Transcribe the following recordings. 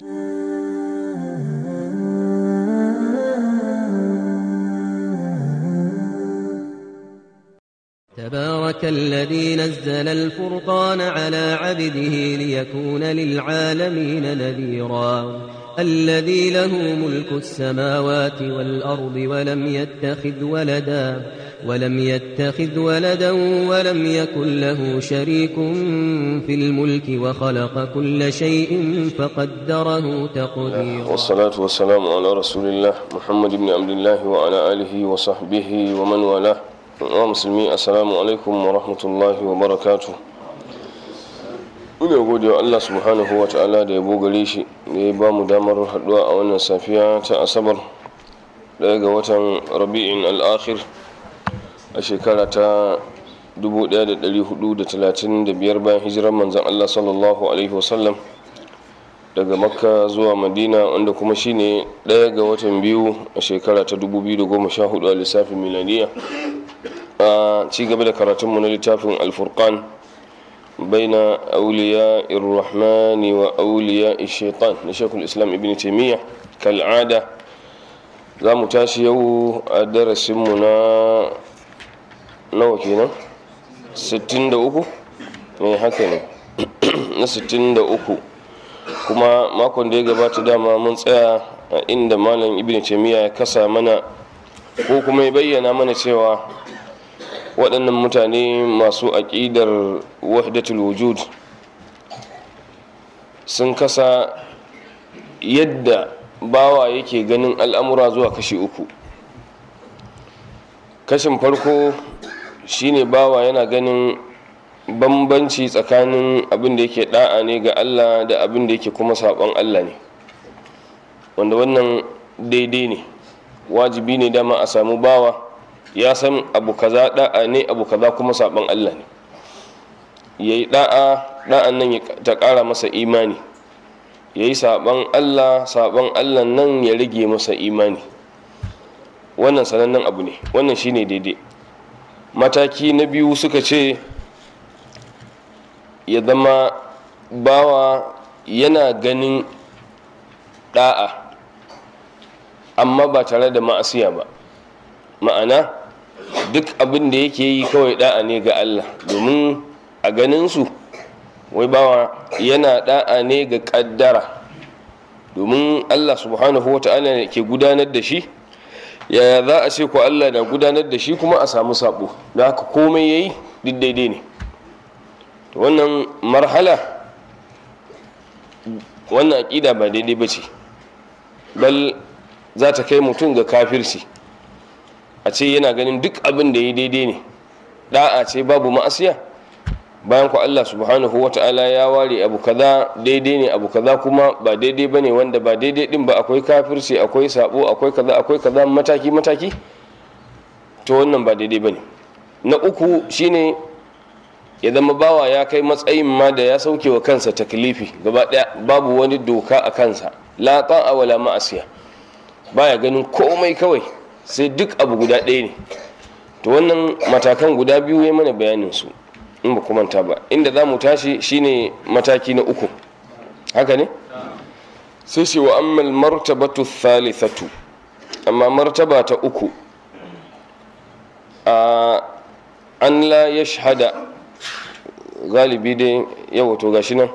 تبارك الذي نزل الفرقان على عبده ليكون للعالمين نذيرا الذي له ملك السماوات والأرض ولم يتخذ ولداً ولم يتخذ ولدا ولم يكن له شريك في الملك وخلق كل شيء فقدره تقديرا والصلاة والسلام على رسول الله محمد بن عبد الله وعلى آله وصحبه ومن والاه ومسلمي السلام عليكم ورحمة الله وبركاته ina gode Allah subhanahu wa ta'ala da ya gare shi da ya ba mu damar haduwa a wannan safiya ta asabar daga watan rabi'in al-akhir a shekara ta 1435 bayan hijirar manzan Allah sallallahu alaihi wasallam daga makka zuwa madina wanda kuma shine ɗaya ga watan biyu a shekara ta 2014 a lissafin miladiya a cigaba da karatunmu na littafin alfurkan baina auliya irrahmani wa auliya shaitan na shekul islam ibn taimiyya kal'ada za mu tashi yau a darasinmu na nawa kenan 63 mai eh, haka ne na 63 kuma makon da ya gabata dama mun tsaya a inda malam ibn taimiyya ya kasa mana ko kuma ya bayyana mana cewa waɗannan mutane masu aƙidar wahdatul wujud sun kasa yadda bawa yake ganin al'amura zuwa kashi uku kashin farko shine bawa yana ganin bambanci tsakanin abin da yake da'a ne ga Allah da abin da yake kuma saɓon Allah ne wanda wannan daidai ne wajibi ne dama a samu bawa ya san abu kaza da'a ne abu kaza kuma saɓon Allah ne ya yi da'a da'an nan ta ƙara masa imani ya yi saɓon Allah saɓon Allah nan ya rage masa imani wannan sanannen abu ne wannan shine daidai mataki na biyu suka ce ya zama bawa yana ganin da'a amma ba tare da ma'asiya ba ma'ana duk abin da yake yi kawai da'a ne ga Allah domin a ganinsu wai bawa yana da'a ne ga kaddara domin Allah subhanahu wa ta'ala ke gudanar da shi yaya za a ce ko Allah na gudanar da shi kuma a samu sabo da haka komai yayi duk daidai ne wannan marhala wannan aƙida ba daidai ba ce bal za ta kai mutum ga kafirci a ce yana ganin duk abin da ya daidai ne da'a ce babu ma'asiya bayan ku Allah subhanahu wa ta'ala ya ware abu kaza daidai ne abu kaza kuma ba daidai bane wanda ba daidai din ba akwai kafirci akwai sabo akwai kaza akwai kaza mataki mataki to wannan ba daidai bane na uku shine ya zama bawa ya kai matsayin ma da ya sauke wa kansa taklifi gaba daya babu wani doka a kansa la ta'a wala ma'asiya baya ganin komai kawai sai duk abu guda ɗaya ne to wannan matakan guda biyu ya mana bayanin su in ba kumanta ba inda za mu tashi shine mataki na uku haka ne sai shi wa ammal martabatu thalithatu amma martaba ta uku a an la ya shahada galibi dai yau to gashi nan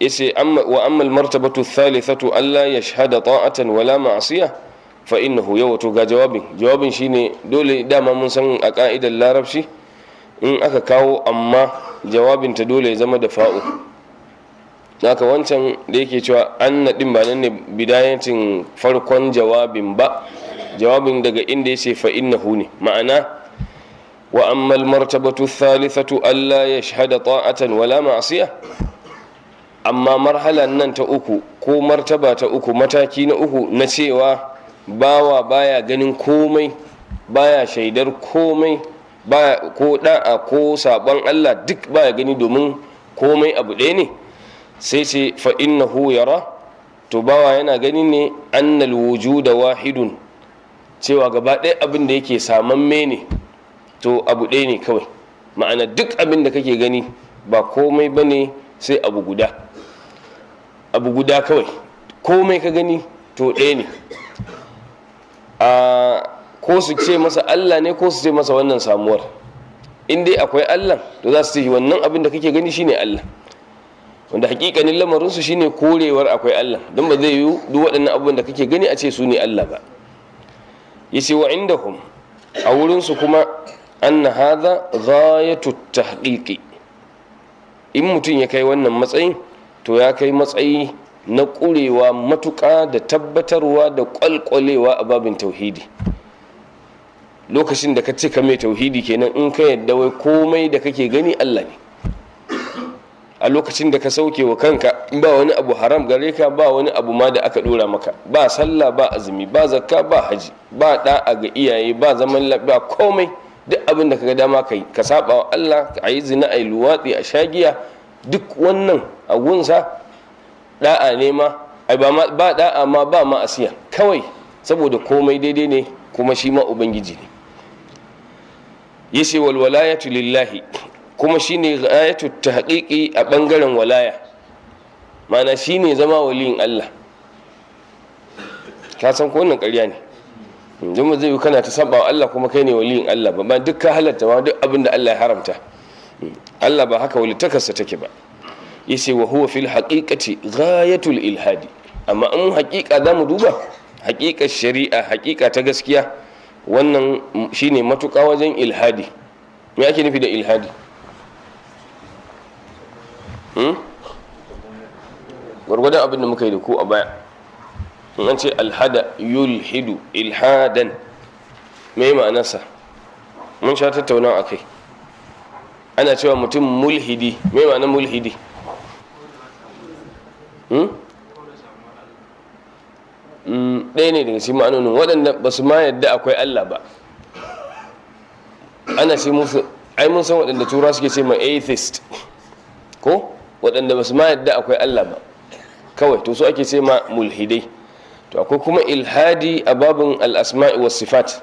yace wa ammal martabatu thalithatu an la ya shahada ta'atan wala ma'asiya fa innahu yawa ga jawabin jawabin shine dole dama mun san a ka'idar larabci in aka kawo amma jawabinta dole ya zama da fa'u naka wancan da yake cewa an naɗin ba nan ne bidayancin farkon jawabin ba jawabin daga inda ya ce fa'innahu ne ma'ana wa ammal martabatu thalithatu Allah ya ta'atan wala ma'asiya amma marhala nan ta uku ko martaba ta uku mataki na uku na cewa bawa baya ganin komai baya shaidar komai ko da'a ko sabon Allah duk baya gani domin komai abu ɗaya ne sai ce fa innahu yara to bawa yana gani ne annal wujuda wahidun cewa gaba ɗaya abin da yake saman ne to abu ɗaya ne kawai ma'ana duk abin da kake gani ba komai ba ne sai abu guda abu guda kawai komai ka gani to ɗaya ne ko su ce masa Allah ne ko su ce masa wannan samuwar in dai akwai Allah to za su ce wannan abin da kake gani shine Allah wanda hakikanin lamarin su shine korewar akwai Allah don ba zai yi duk waɗannan abubuwan da kake gani a ce su ne Allah ba yace wa indahum a wurin su kuma anna hadha ghayatu tahqiqi in mutum ya kai wannan matsayin to ya kai matsayi na ƙurewa matuƙa da tabbatarwa da kwalkwalewa a babin tauhidi lokacin da ka ce ka mai tauhidi kenan in ka yadda wai komai da kake gani Allah ne a lokacin da ka sauke wa kanka ba wani abu haram gare ka ba wani abu ma da aka dora maka ba sallah ba azumi ba zakka ba haji ba da'a ga iyaye ba zaman lafiya komai duk abin da kaga dama kai ka saba wa Allah ka yi zina ayi luwatsi a shagiya duk wannan a gunsa da'a ne ma ai ba ma ba da'a ma ba ma asiya kawai saboda komai daidai ne kuma shi ma ubangiji ne yace wal walayatu lillahi kuma shine ghayatu tahqiqi a bangaren walaya mana shine zama waliyin Allah ka san ko wannan ƙarya ne yanzu mu zai kana ta saba Allah kuma kai ne waliyin Allah ba duk ka halatta ma duk abin da Allah ya haramta Allah ba haka walitakarsa take ba yace wa huwa fil haqiqati ghayatul ilhadi amma in hakika zamu duba haƙiƙar shari'a hakika ta gaskiya wannan shine matuƙa wajen ilhadi me ake nufi da ilhadi hmm? gwargwadon abinda muka yi da ku a baya in an ce alhada yulhidu ilhadan mai ma'anarsa mun sha tattauna a kai ana cewa mutum mulhidi mai ma'anar mulhidi hmm? Mm, ɗaya ne daga cikin ma'anonin waɗanda ba su ma yadda akwai Allah ba ana ce musu ai mun san waɗanda tura suke ce ma atheist ko waɗanda ba su ma yadda akwai Allah ba kawai to su ake ce ma mulhidai to akwai kuma ilhadi a babin al'asma'i wa sifat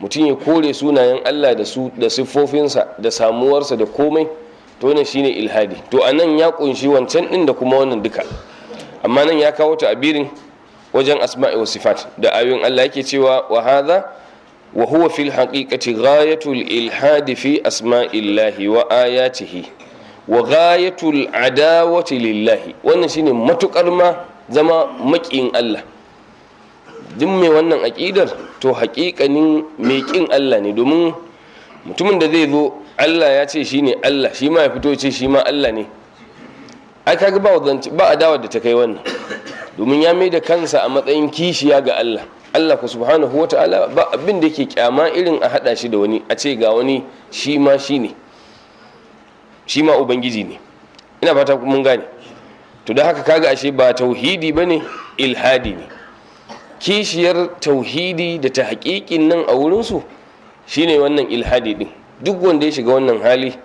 mutum ya kore sunayen Allah da su da siffofinsa da samuwarsa da komai to wannan shine ilhadi to anan ya kunshi wancan din da kuma wannan duka amma nan ya kawo ta abirin wajen asma'i wa sifat da ayoyin Allah yake cewa wa hadha wa huwa fil haqiqati ghayatul ilhadi fi asma'illahi wa ayatihi wa ghayatul adawati lillahi wannan shine matukar ma zama makin Allah duk mai wannan aƙidar to haƙiƙanin mai ƙin Allah ne domin mutumin da zai zo Allah ya ce shine Allah shi ma ya fito ce shi ma Allah ne ai kaga ba ba adawar da ta kai wannan domin ya mai da kansa a matsayin kishiya ga Allah Allah ku subhanahu wa ta'ala ba abin da ke kyama irin a hada shi da wani a ce ga wani shi ma shi ne shi ma ubangiji ne ina fata mun gane to da haka kaga ashe ba tauhidi bane ilhadi ne kishiyar tauhidi da ta haƙiƙin nan a wurinsu shine wannan ilhadi din duk wanda ya shiga wannan hali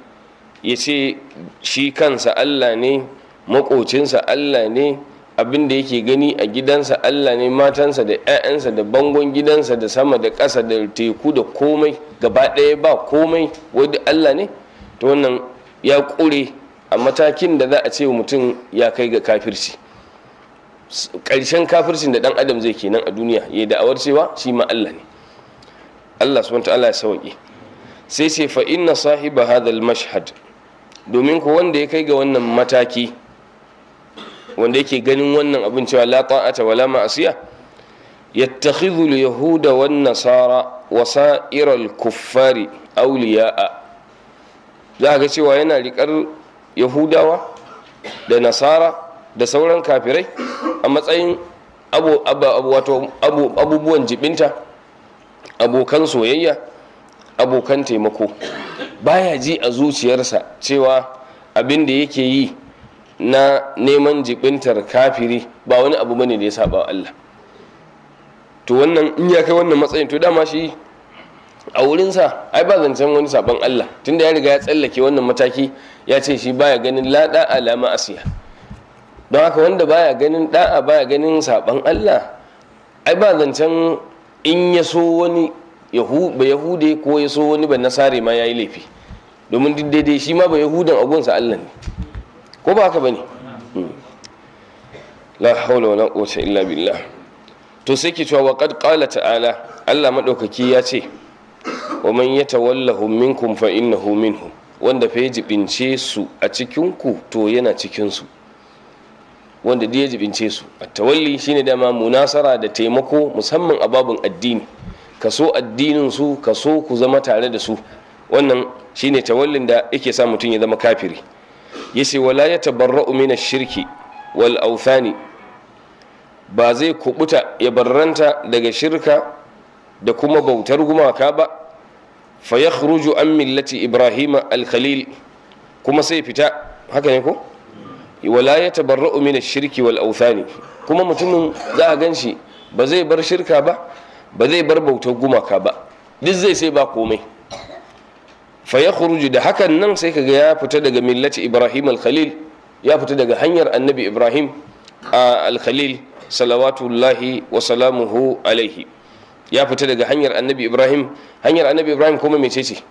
ya ce shi kansa Allah ne maƙocinsa Allah ne abin da yake gani a gidansa Allah ne matansa da 'ya'yansa da bangon gidansa da sama da ƙasa da teku da komai gaba ɗaya ba komai wadda Allah ne ta wannan ya ƙure a matakin da za a ce mutum ya kai ga kafirci ƙarshen kafircin da ɗan adam zai kenan a duniya ya yi da'awar cewa shi ma Allah ne Allah subhanahu ta'ala ya sauke sai sai fa inna sahiba hadha al mashhad domin ko wanda ya kai ga wannan mataki wanda yake ganin wannan abin cewa la ta'ata wala ma'asiya yattakhidhu al-yahuda wan nasara wasa'ir al-kuffari awliya'a za ga cewa yana riƙar yahudawa da nasara da sauran kafirai a matsayin abubuwan jibinta abokan soyayya abokan taimako baya ji a zuciyarsa cewa abin da yake yi na neman jibintar kafiri ba wani abu bane da ya saba Allah to wannan in ya kai wannan matsayin to dama shi a wurinsa ai ba zancen wani sabon Allah tunda ya riga ya tsallake wannan mataki ya ce shi baya ganin lada alama asiya don haka wanda baya ganin da'a baya ganin sabon Allah ai ba zancen in ya so wani ba yahude ko ya so wani ba nasare ma ya laifi domin duk daidai shi ma ba yahudan agunsa Allah ne ko ba haka bane hmm. la haula wala quwwata illa billah to sai ke cewa waqad qala ta'ala Allah madaukaki ya ce wa man yatawallahu minkum fa innahu minhum wanda fa jibince su a cikin ku to yana cikin su wanda da ya su tawalli shine dama munasara da taimako musamman a babun addini kaso addinin su kaso ku zama tare da su wannan shine tawallin da yake sa mutum ya zama kafiri yace wala yatabarra'u min shirki wal awthani ba zai kubuta ya barranta daga shirka da kuma bautar gumaka ba fa yakhruju an millati ibrahima al-khalil kuma sai fita haka ne ko wala yatabarra'u min shirki wal awthani kuma mutumin za a ganshi ba zai bar shirka ba ba zai bar bautar gumaka ba duk zai sai ba komai fa ya da hakan nan sai kaga ya fita daga millati ibrahim al-khalil ya fita daga hanyar annabi ibrahim al-khalil salawatullahi wa salamuhu alaihi ya fita daga hanyar annabi ibrahim hanyar annabi ibrahim kuma mece ce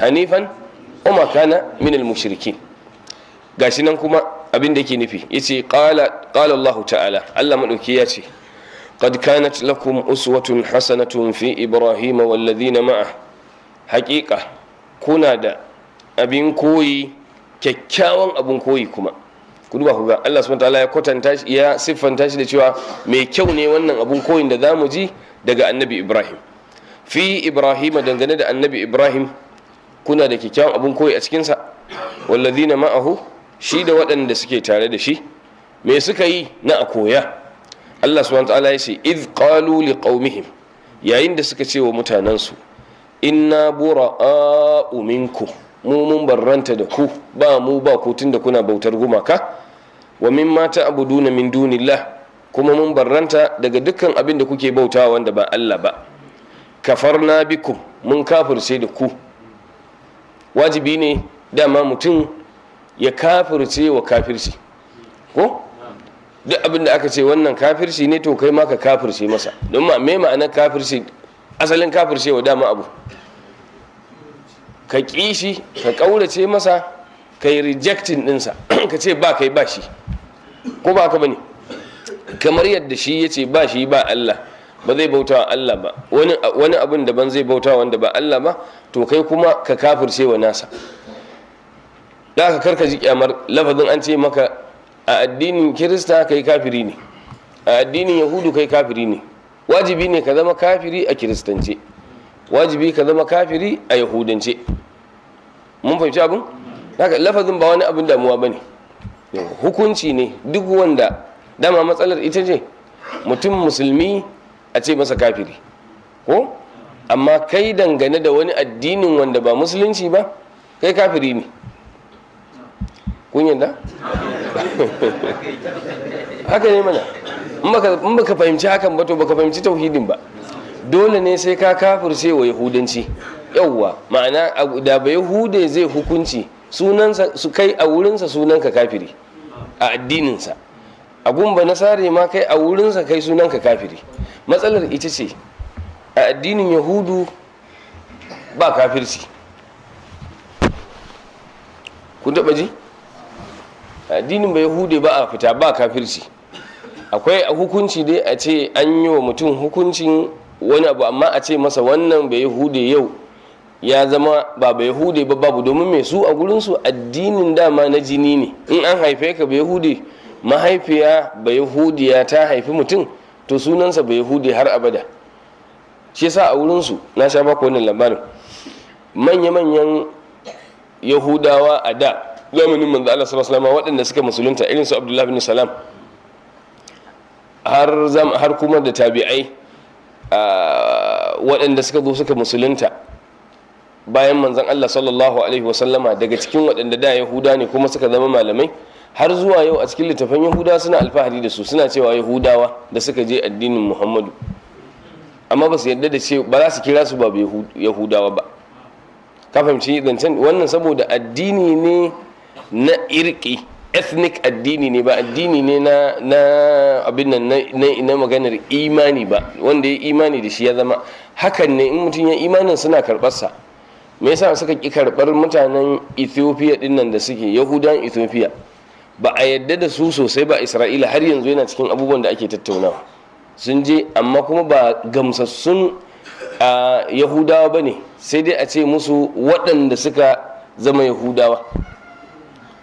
hanifan umma kana min al-mushrikin gashi nan kuma abin da yake nufi yace qala qala Allah ta'ala Allah madauki ya ce qad kanat lakum uswatun hasanatun fi ibrahim wal ladina ma'ah Haƙiƙa. kuna da abin koyi kyakkyawan abin koyi kuma ku duba ku ga Allah subhanahu wataala ya kwatanta shi ya siffanta shi da cewa mai kyau ne wannan abin koyin da zamu ji daga annabi Ibrahim fi Ibrahim dangane da annabi Ibrahim kuna da kyakkyawan abin koyi a cikin sa wallazina ma'ahu shi da waɗanda suke tare da shi me suka yi na a koya Allah subhanahu wataala ya ce id qalu liqaumihim yayin da suka ce wa mutanansu inna bura'a'u minkum mu mun barranta da ku ba mu ba ku tunda kuna bautar gumaka wa mimma ta'buduna min dunillah kuma mun barranta daga dukkan abin da kuke bautawa wanda ba Allah ba kafar kafarna bikum mun kafirce da ku wajibi ne dama mutum ya kafirce wa kafirci ko duk abin da aka ce wannan kafirci ne to kai ma ka kafirce masa don ma me ma'anar kafirci asalin kafircewa dama abu ka ƙi shi ka ƙaurace masa ka yi rejectin ɗinsa ka ce ba kai ba shi ko ba ka bane kamar yadda shi ya ce ba shi ba Allah ba zai bauta wa Allah ba wani abin da ban zai bauta wanda ba Allah ba to kai kuma ka wa nasa da ka karka ji kyamar lafazin an ce maka a addinin kirista kai kafiri ne a addinin yahudu kai kafiri ne wajibi ne ka zama kafiri a kiristance wajibi ka zama kafiri a yahudance mun fahimci abin haka lafazin ba wani abin damuwa ba ne hukunci ne duk wanda dama matsalar ita ce mutum musulmi a ce masa kafiri ko amma kai dangane da wani addinin wanda ba musulunci ba kai kafiri ne kun yadda haka ne mana in baka fahimci hakan ba to baka fahimci tauhidin ba dole ne sai ka kafirce wa yahudanci yauwa ma'ana da ba yahude zai hukunci sunansa su kai a wurinsa sunanka kafiri a addininsa abun ba nasare ma kai a wurinsa kai sunanka kafiri matsalar ita ce a addinin yahudu ba kafirci ku taɓa ji addinin ba yahude ba a fita ba kafirci akwai hukunci dai a ce an yi wa mutum hukuncin wani abu amma a ce masa wannan bai hude yau ya zama ba bai hude ba babu domin mai su a gurinsu addinin dama na jini ne in an haife ka bai hude mahaifiya bai ya ta haifi mutum to sunansa bai hude har abada shi yasa a wurinsu na sha baku wannan labarin manya-manyan yahudawa a da zamanin manzo Allah sallallahu waɗanda suka musulunta irin su Abdullah bin Salam har kuma da tabi'ai waɗanda suka zo suka musulunta bayan manzan Allah sallallahu alaihi wasallama daga cikin waɗanda da yahuda ne kuma suka zama malamai har zuwa yau a cikin littafan yahuda suna alfahari da su suna cewa yahudawa da suka je addinin muhammadu amma ba su yadda da ce ba za su kira su ba yahudawa ba ka fahimci zancen wannan saboda addini ne na irki ethnic addini ne ba addini ne na na abin nan na maganar imani ba wanda ya imani da shi ya zama hakan ne in mutum ya imanin suna sa me yasa suka ki karɓar mutanen ethiopia din nan da suke yahudan ethiopia ba a yadda da su sosai ba isra'ila har yanzu yana cikin abubuwan da ake tattaunawa sun je amma kuma ba gamsassun a yahudawa bane sai dai a ce musu waɗanda suka zama yahudawa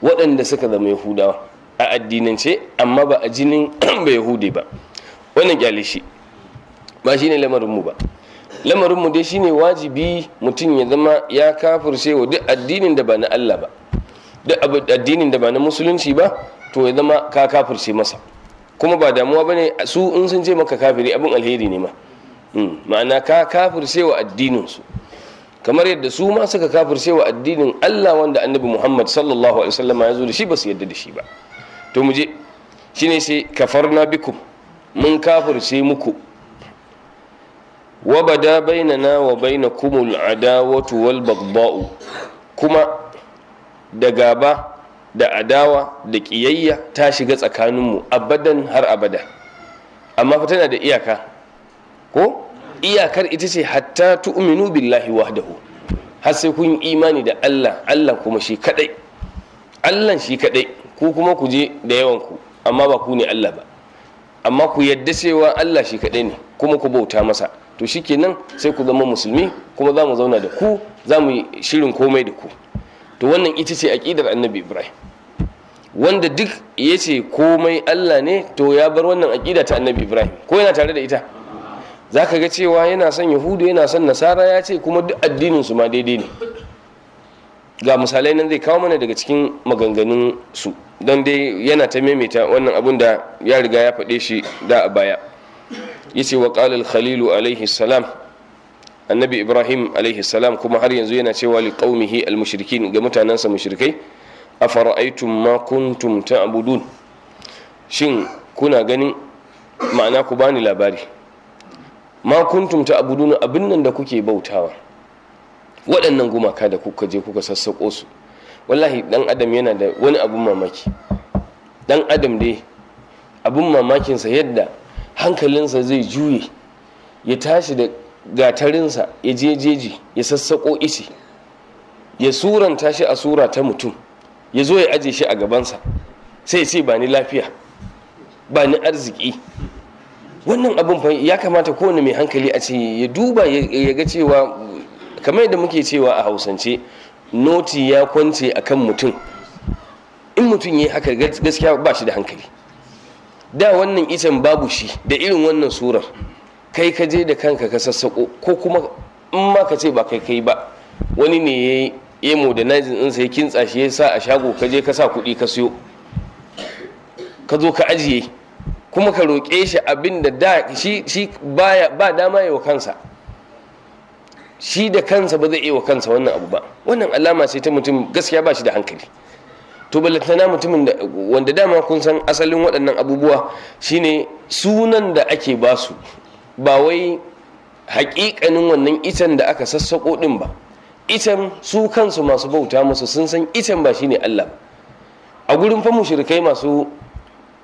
waɗanda suka zama yahudawa a addinance amma ba a jinin ba yahudi ba wannan kyale shi ba shine lamarinmu ba mu dai shine wajibi mutum ya zama ya kafirce wa duk addinin da ba na allah ba duk addinin da ba na musulunci ba to ya zama ka kafirce masa kuma ba damuwa bane su in sun je maka kafiri abin alheri ne ma hmm, ma'ana ka kafirce wa addinin su kamar yadda su ma suka kafirce wa addinin Allah wanda annabi Muhammad sallallahu alaihi wasallam ya zo da shi ba su yadda da shi ba to mu je shine sai kafarna bikum mun kafirce muku wa bada bainana wa bainakumul adawatu wal baghdau kuma da gaba da adawa da ƙiyayya ta shiga tsakaninmu abadan har abada amma fa tana da iyaka ko iyakar ita ce hatta tu'minu billahi wahdahu har sai kun imani da Allah Allah kuma shi kadai Allah shi kadai ku kuma ku je da yawan ku amma ba ku ne Allah ba amma ku yadda cewa Allah shi kadai ne kuma ku bauta masa to shikenan sai ku zama musulmi kuma za mu zauna da ku za mu shirin komai da ku to wannan ita ce aƙidar annabi ibrahim wanda duk ya ce komai allah ne to ya bar wannan aqida ta annabi ibrahim ko yana tare da ita za ka ga cewa yana son yahudu yana son nasara ya ce kuma duk addinin su ma daidai ne ga misalai nan zai kawo mana daga cikin maganganun su don dai yana ta maimaita wannan abun da ya riga ya faɗe shi da a baya ya ce wa ƙalil khalilu alaihi salam annabi ibrahim alaihi salam kuma har yanzu yana cewa li qaumihi al mushrikin ga mutanensa mushrikai afara'aytum ma kuntum ta'budun shin kuna ganin ma'ana ku bani labari ma kuntum ta abuduna abin nan da kuke bautawa waɗannan gumaka da kuka je kuka sassaƙo su wallahi ɗan adam yana da wani abun mamaki dan adam dai abin mamakinsa yadda hankalinsa zai juye ya tashi da gatarinsa ya jejeji ya sassaƙo ice ya suranta shi a sura ta mutum ya zo ya aje shi a gabansa sai ya ce ba ni lafiya ba ni arziki wannan abin fa ya kamata kowane mai hankali a ce ya duba ya ga cewa kamar yadda muke cewa a hausance noti ya kwance a kan mutum in mutum ya yi haka gaskiya ba shi da hankali da wannan itan babu shi da irin wannan surar kai ka je da kanka ka sassaƙo ko kuma in ma ka ce ba kai kai ba wani ne ya yi ya modernizing ɗinsa ya kintsa shi ya sa a shago ka je ka sa kuɗi ka siyo ka zo ka ajiye kuma ka roƙe shi abin da shi ba dama yi wa kansa shi da kansa ba zai iya wa kansa wannan abu ba wannan alama ce ta mutum gaskiya ba shi da hankali to ballantana mutumin da wanda dama kun san asalin waɗannan abubuwa shine sunan da ake basu ba wai haƙiƙanin wannan itan da aka sassaƙo ɗin ba itan su kansu masu bauta musu sun san itan ba shine Allah a gurin fa mushrikai masu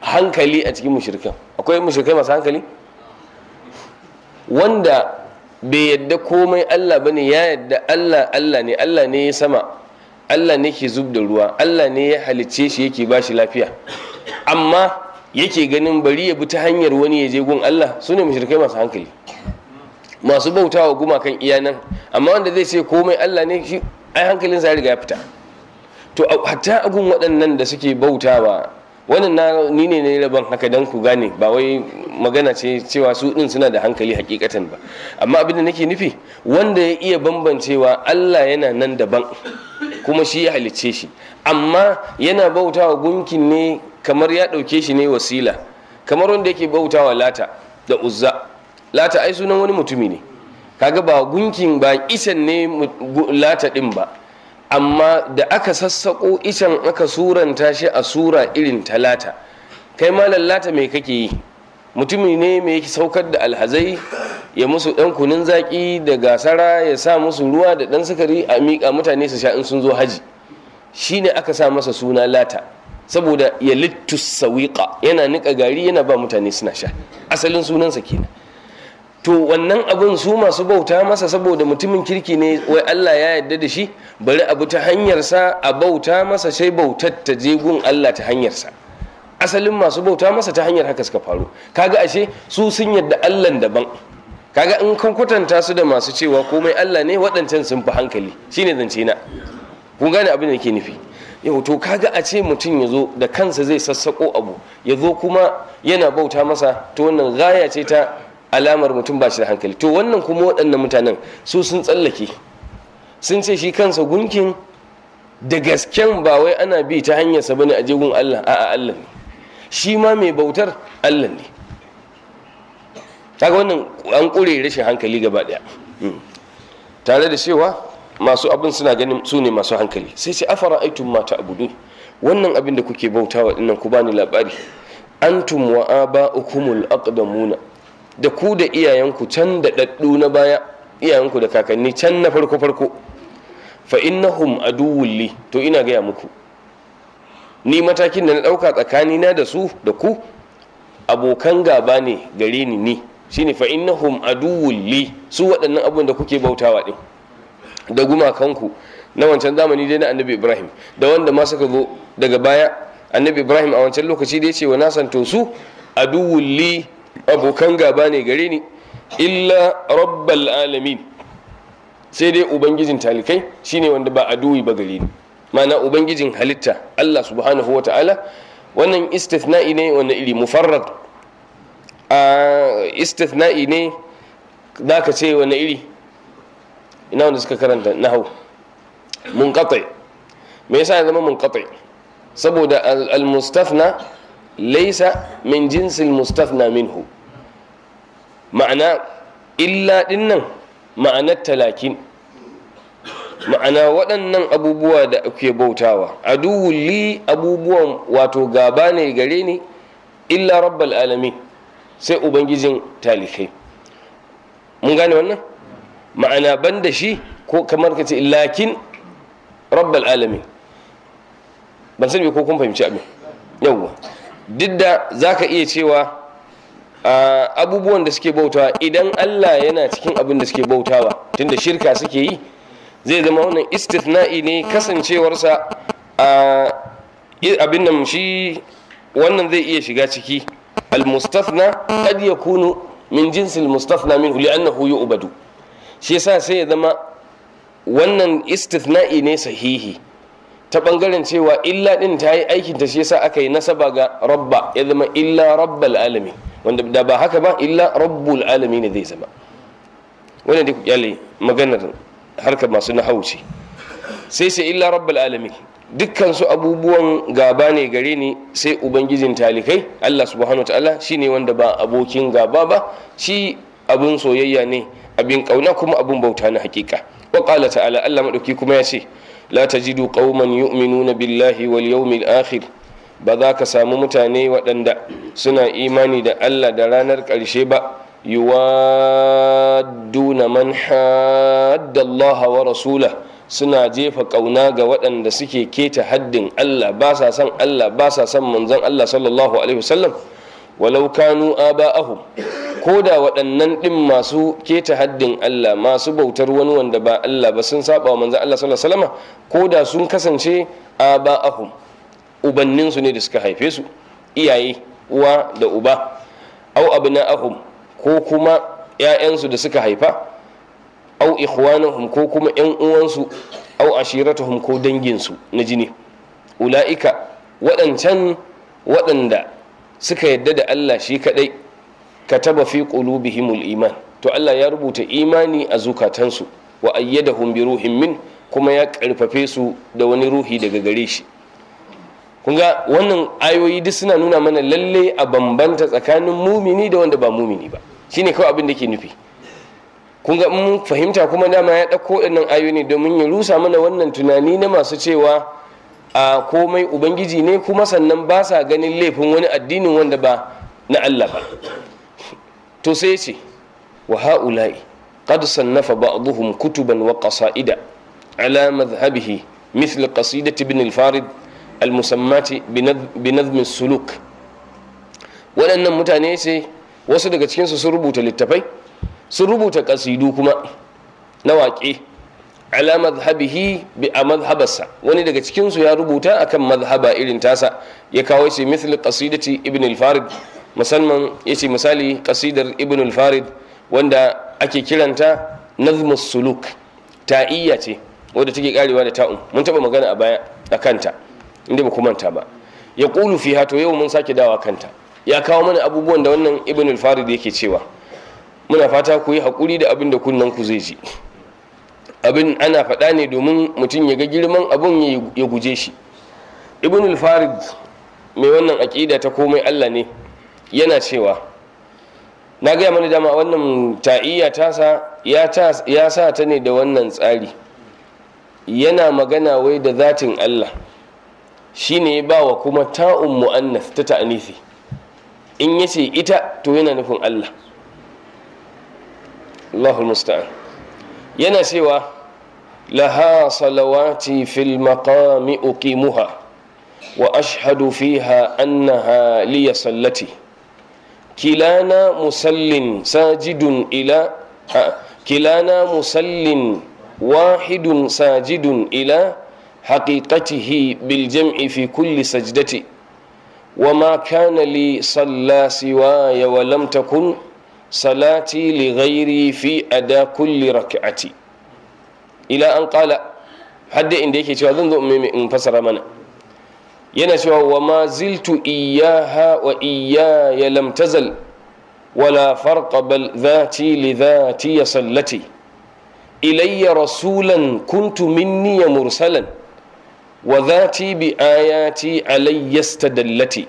hankali a cikin mushrikan akwai mushrikai masu hankali wanda bai yadda komai Allah bane ya yadda Allah Allah ne Allah ne ya sama Allah ne ke zub da ruwa Allah ne ya halicce shi yake ba shi lafiya amma yake ganin bari ya bi ta hanyar wani ya je gun Allah su ne mushrikai masu hankali masu bautawa gumakan iyanan amma wanda zai ce komai Allah ne shi ai hankalin sa riga ya fita to hatta agun waɗannan da suke bautawa wannan na ni ne na rabon haka dan ku gane ba wai magana ce cewa su din suna da hankali hakikatan ba amma abin da nake nufi wanda ya iya bambancewa Allah yana nan daban kuma shi ya halicce shi amma yana bautawa gunkin ne kamar ya dauke shi ne wasila kamar wanda yake bautawa lata da uzza lata ai sunan wani mutumi ne kaga ba gunkin ba isan ne lata din ba amma da aka sassaƙo icen aka suranta shi a sura irin talata kai ma lallata mai kake yi mutumi ne mai saukar da alhazai ya musu ɗan kunin zaƙi da gasara ya sa musu ruwa da ɗan sukari a miƙa mutane su sha in sun zo haji shine aka sa masa suna lata saboda ya littus sawiƙa yana niƙa gari yana ba mutane suna sha asalin sunansa kenan to wannan abin su masu bauta masa saboda mutumin kirki ne wai Allah ya yarda da shi bari abu ta hanyarsa a bauta masa sai bautar ta je gun Allah ta hanyarsa asalin masu bauta masa ta hanyar haka suka faru kaga ashe su sun yarda Allah daban kaga in kan kwatanta su da masu cewa komai Allah ne waɗancan sun fi hankali shine zance na kun gane abin da ke nufi yau to kaga a ce mutum ya zo da kansa zai sassako abu ya zo kuma yana bauta masa to wannan gaya ce ta alamar mutum ba shi da hankali to wannan kuma waɗannan mutanen su sun tsallake sun ce shi kansa gunkin da gasken ba wai ana bi ta hanyarsa bane a jigun Allah a'a Allah ne shi ma mai bautar Allah ne kaga wannan an kure rashin hankali gaba daya hmm. tare da cewa masu abin suna ganin su ne masu hankali sai ce afara aitum ma ta'budun wannan abin da kuke bautawa dinnan ku bani labari antum wa aba'ukumul aqdamuna da ku da iyayenku can da daddu na baya iyayenku da kakanni can na farko farko fa innahum aduwwul to ina gaya muku ni matakin da na ɗauka tsakani na da su da ku abokan gaba ne gare ni ni shine fa innahum a su waɗannan abin da kuke bautawa din da gumakanku na wancan zamani dai na annabi ibrahim da wanda ma suka zo daga baya annabi ibrahim a wancan lokaci da ya ce wa santo su a abokan gaba ne gare ni illa rabbal alamin sai dai ubangijin talikai shine wanda ba aduwi ba gare ni mana ubangijin halitta Allah subhanahu wa ta'ala wannan istithna'i ne wanda iri mufarrad a istithna'i ne za ka ce wanda iri ina wanda suka karanta nahau munqati me yasa ya zama munqati saboda al-mustafna laisa min jinsil mustafna minhu ma'ana illa dinnan ma'anar talakin ma'ana waɗannan abubuwa da ake bautawa aduwul li abubuwan wato gaba ne gare ni illa rabbal alamin sai ubangijin talikai mun gane wannan ma'ana ban da shi ko kamar ka ce lakin rabbal alamin ban sani ko kun fahimci abin yawwa duk da za ka iya cewa abubuwan da suke bautawa idan Allah yana cikin abin da suke bautawa tunda shirka suke yi zai zama wannan istithna'i ne kasancewarsa abin da shi wannan zai iya shiga ciki Al-Mustafna, kad yakunu min jinsil mustafna minhu annahu yu'badu shi yasa sai ya zama wannan istithna'i ne sahihi ta bangaren cewa illa din ta yi aikin ta shi yasa aka yi nasaba ga rabba ya zama illa rabbal alami wanda da ba haka ba illa rabbul alami ne zai zama wannan da yale maganar harkar masu na ce sai sai illa rabbal alami dukkan su abubuwan gaba ne gare ni sai ubangijin talikai Allah subhanahu wataala shine wanda ba abokin gaba ba shi abun soyayya ne abin kauna kuma abun bauta na hakika wa qala ta'ala Allah madauki kuma ya ce la tajidu qauman yu'minuna billahi wal yawmil akhir ba za ka samu mutane waɗanda suna imani da Allah da ranar ƙarshe ba yuwadduna man hadda rasula suna jefa ƙauna ga waɗanda suke keta haddin Allah ba sa son Allah ba sa son manzon Allah sallallahu alaihi wasallam walau kanu aba'ahum ko da waɗannan ɗin masu keta haddin Allah masu bautar wani wanda ba Allah ba sun saba wa manzan Allah sallallahu alaihi wasallam ko da sun kasance aba'ahum ubannin su ne da suka haife su iyaye uwa da uba au abna'ahum ko kuma ƴaƴansu da suka haifa au ikhwanahum ko kuma ƴan uwansu au ashiratuhum ko danginsu na jini ula'ika waɗancan waɗanda suka yadda da Allah shi kadai kataba fi qulubihimul iman to Allah ya rubuta imani a zukatansu wa ayyadahum bi ruhin min kuma ya karfafe su da wani ruhi daga gare shi kun ga wannan ayoyi duk suna nuna mana lalle a bambanta tsakanin mumini da wanda ba mumini ba shine kawai abin da ke nufi kun ga mun fahimta kuma dama ya ɗauko waɗannan ayoyi ne domin ya rusa mana wannan tunani na masu cewa a komai ubangiji ne kuma sannan ba sa ganin laifin wani addinin wanda ba na Allah ba to sai ce wa ha'ula'i kad sannafa ba'dhum kutuban wa qasa'ida ala madhhabihi misl qasidati ibn al-farid al-musammati bi suluk waɗannan mutane sai wasu daga cikinsu sun rubuta littafai sun rubuta ƙasidu kuma na waƙe ala madhhabihi bi a madhhabarsa wani daga cikin su ya rubuta akan madhhaba irin tasa ya kawo shi mithl qasidati ibn al-farid musamman yace misali qasidar ibn al-farid wanda ake kiranta nazm suluk ta'iyya ce wadda take karewa da ta'un mun taba magana a baya akanta inda ba manta ba ya qulu fiha to yau mun sake dawa kanta ya kawo mana abubuwan da wannan ibn al-farid yake cewa muna fata ku yi hakuri da abin da kunnen ku zai ji abin ana faɗa ne domin mutum ya ga girman abin ya guje shi ibn al-farid mai wannan aƙida ta komai allah ne yana cewa na gaya mana dama wannan ta'iyya tasa ya sa ta ne da wannan tsari yana magana wai da zatin allah shine ya ba wa kuma ta'un mu'annas ta ta'anifi in yace ita to yana nufin allah allahul musta'an yana cewa laha salawati fil maqami uqimuha wa ashhadu fiha annaha liya sallati kilana musallin sajidun ila kilana musallin wahidun sajidun ila haqiqatihi bil jam'i fi kulli sajdati وما كان لي صلى سواي ولم تكن salati li ghairi fi ada kulli rak'ati ila an qala hadda inda yake cewa zan zo in fasara mana yana cewa wa ma ziltu iyaha wa iyaya lam tazal wala farqa bal dhati li dhati sallati ilayya rasulan kuntu minni mursalan wa dhati bi ayati alayya istadallati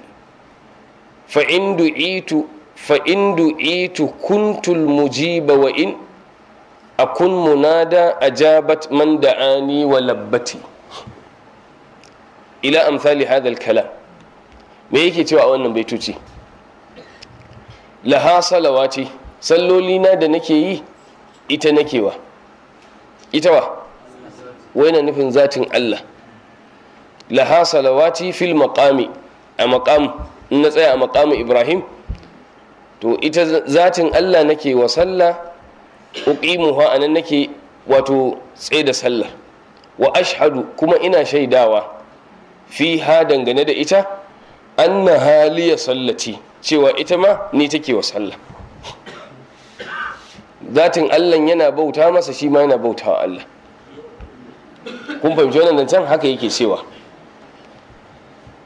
fa in du'itu fa in du'itu kuntul mujiba wa in akun munada ajabat man da'ani wa labbati ila amsali hadha kalam me yake cewa a wannan baitoci laha salawati salloli na da nake yi ita nakewa ita wa wai na nufin zatin Allah laha salawati fil maqami a maqam na tsaya a maqamu Ibrahim to ita zatin Allah nake wa sallah uqimuha anan nake wato tsaye da sallah wa ashhadu kuma ina shaidawa fi ha dangane da ita anna haliya sallati cewa ita ma ni take wa sallah zatin Allah yana bauta masa shi ma yana bauta wa Allah kun fahimci wannan can haka yake cewa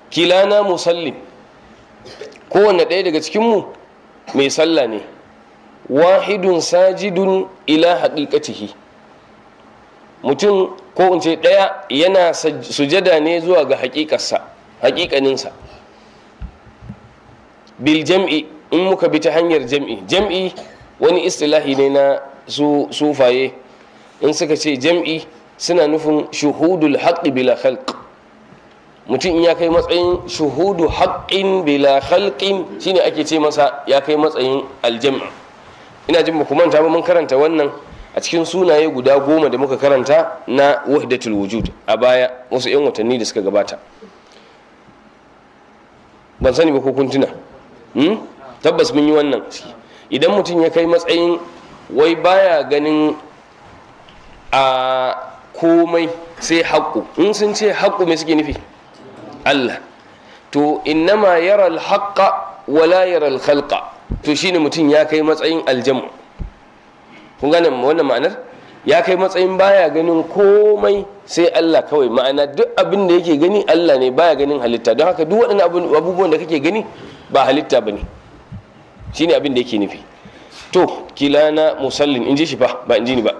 kilana musallim kowanne ɗaya daga cikinmu mai sallah ne wahidun sajidun ila haƙiƙatihi mutum ko in ce ɗaya yana sujada ne zuwa ga haƙiƙarsa haƙiƙaninsa bil jam'i in muka bi ta hanyar jam'i jam'i wani istilahi ne na sufaye in suka ce jam'i suna nufin shuhudul haqqi bila khalq mutum ya kai matsayin shuhudu haƙƙin bila halƙin shine ake ce masa ya kai matsayin aljam'a ina jin ba kuma mun karanta wannan a cikin sunaye guda goma da muka karanta na wahdatul wujud a baya wasu 'yan watanni da suka gabata ban sani ba ko kun hmm? tabbas mun yi wannan idan mutum ya kai matsayin wai baya ganin a komai sai haƙƙo in sun ce haƙƙo me suke nufi Allah to innama yara alhaqqa wala yara alkhalqa to shine mutum ya kai matsayin aljamu kun gane wannan ma'anar ya kai matsayin baya ganin komai sai Allah kawai ma'ana duk abin da yake gani Allah ne baya ganin halitta don haka duk waɗannan abubuwan da kake gani ba halitta bane shine abin da yake nufi to kilana musallin in ji shi fa ba in ji ni ba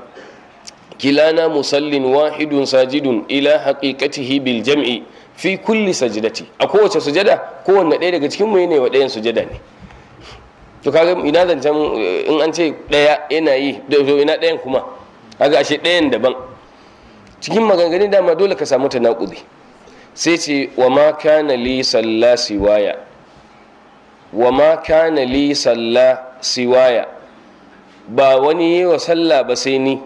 kilana musallin wahidun sajidun ila haqiqatihi bil jam'i fi kulli sajdati a kowace sujada kowanne ɗaya daga cikin mu ne wa ɗayan sujada ne to kaga ina zancen eh, in an ce ɗaya yana yi da ina ɗayan kuma kaga ashe ɗayan daban cikin maganganun dama dole ka samu ta naƙudi. sai ce wa ma kana li salla siwaya wa ma kana li salla siwaya ba wani yi wa sallah ba sai ni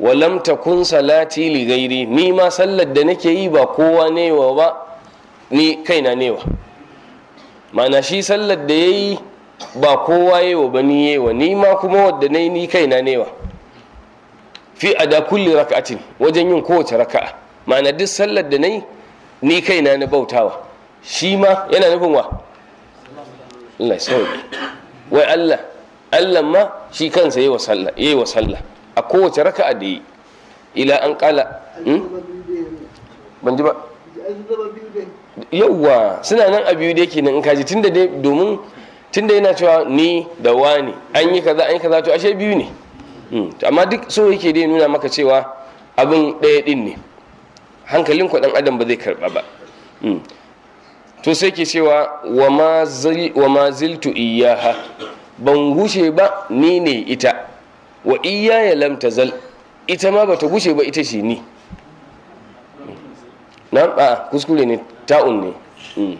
wa lam takun salati li gairi ni ma sallar da nake yi ba kowa newa ba ni kaina newa mana shi sallar da yayi ba kowa yewa ba ni yewa ni ma kuma wadda nayi ni kaina newa fi ada kulli rak'atin wajen yin kowace raka'a mana duk sallar da nayi ni kaina na bautawa shi ma yana nufin wa Allah sauki wai Allah Allah ma shi kansa yayi wa sallah yayi wa sallah a kowace raka da yi ila an kala hmm? ban ba yauwa suna nan a biyu da yake nan in kaji tunda dai domin tunda yana cewa ni da wani an yi kaza an yi kaza to ashe biyu ne hmm, amma duk so yake dai nuna maka cewa abin ɗaya ɗin ne hankalin kwaɗan adam ba zai karɓa ba hmm. to sai ke cewa wa ma ziltu iyaha ban gushe ba ni ne ita wa iya ya lamta zal ita ma bata gushe ba ita ce ni na a kuskure ne ta'un ne hmm.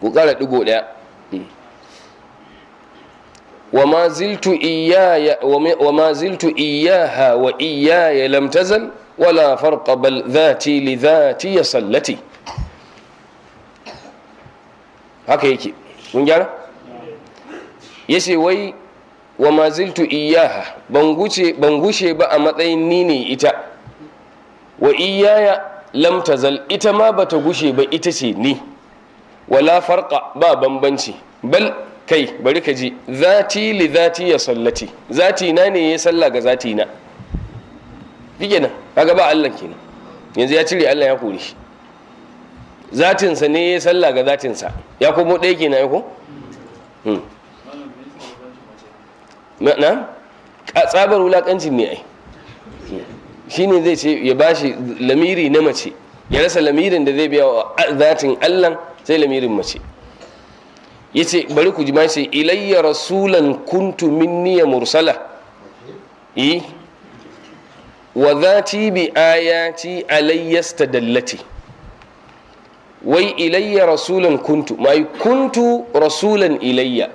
ku kara digo daya hmm. wa ma ziltu iyaya wa ma ziltu iyaha wa iyaya wala farqa bal dhati li dhati ya sallati haka yake kun gyara yace wai wa ma ziltu iyaha ban guce ban gushe ba a matsayin ni ne ita wa iyaya lam tazal ita ma bata gushe ba ita ce ni wala farqa ba bambanci bal kai bari ka ji zati li zati ya sallati zati na ne ya salla ga zati na nan kaga ba Allah kenan yanzu ya cire Allah ya kore shi zatinsa ne ya salla ga zatinsa ya komo ɗaya kenan ya ko hmm. na tsabar wulakanci ne ai shi ne zai ce ya ba lamiri na mace ya rasa lamirin da zai biya wa zatin allan sai lamirin mace ya ce bari ku ji ma ce ilayya rasulan kuntu minni ya mursala yi e, wa zati bi ayati alayyasta dallati wai ilayya rasulan kuntu mai kuntu rasulan ilayya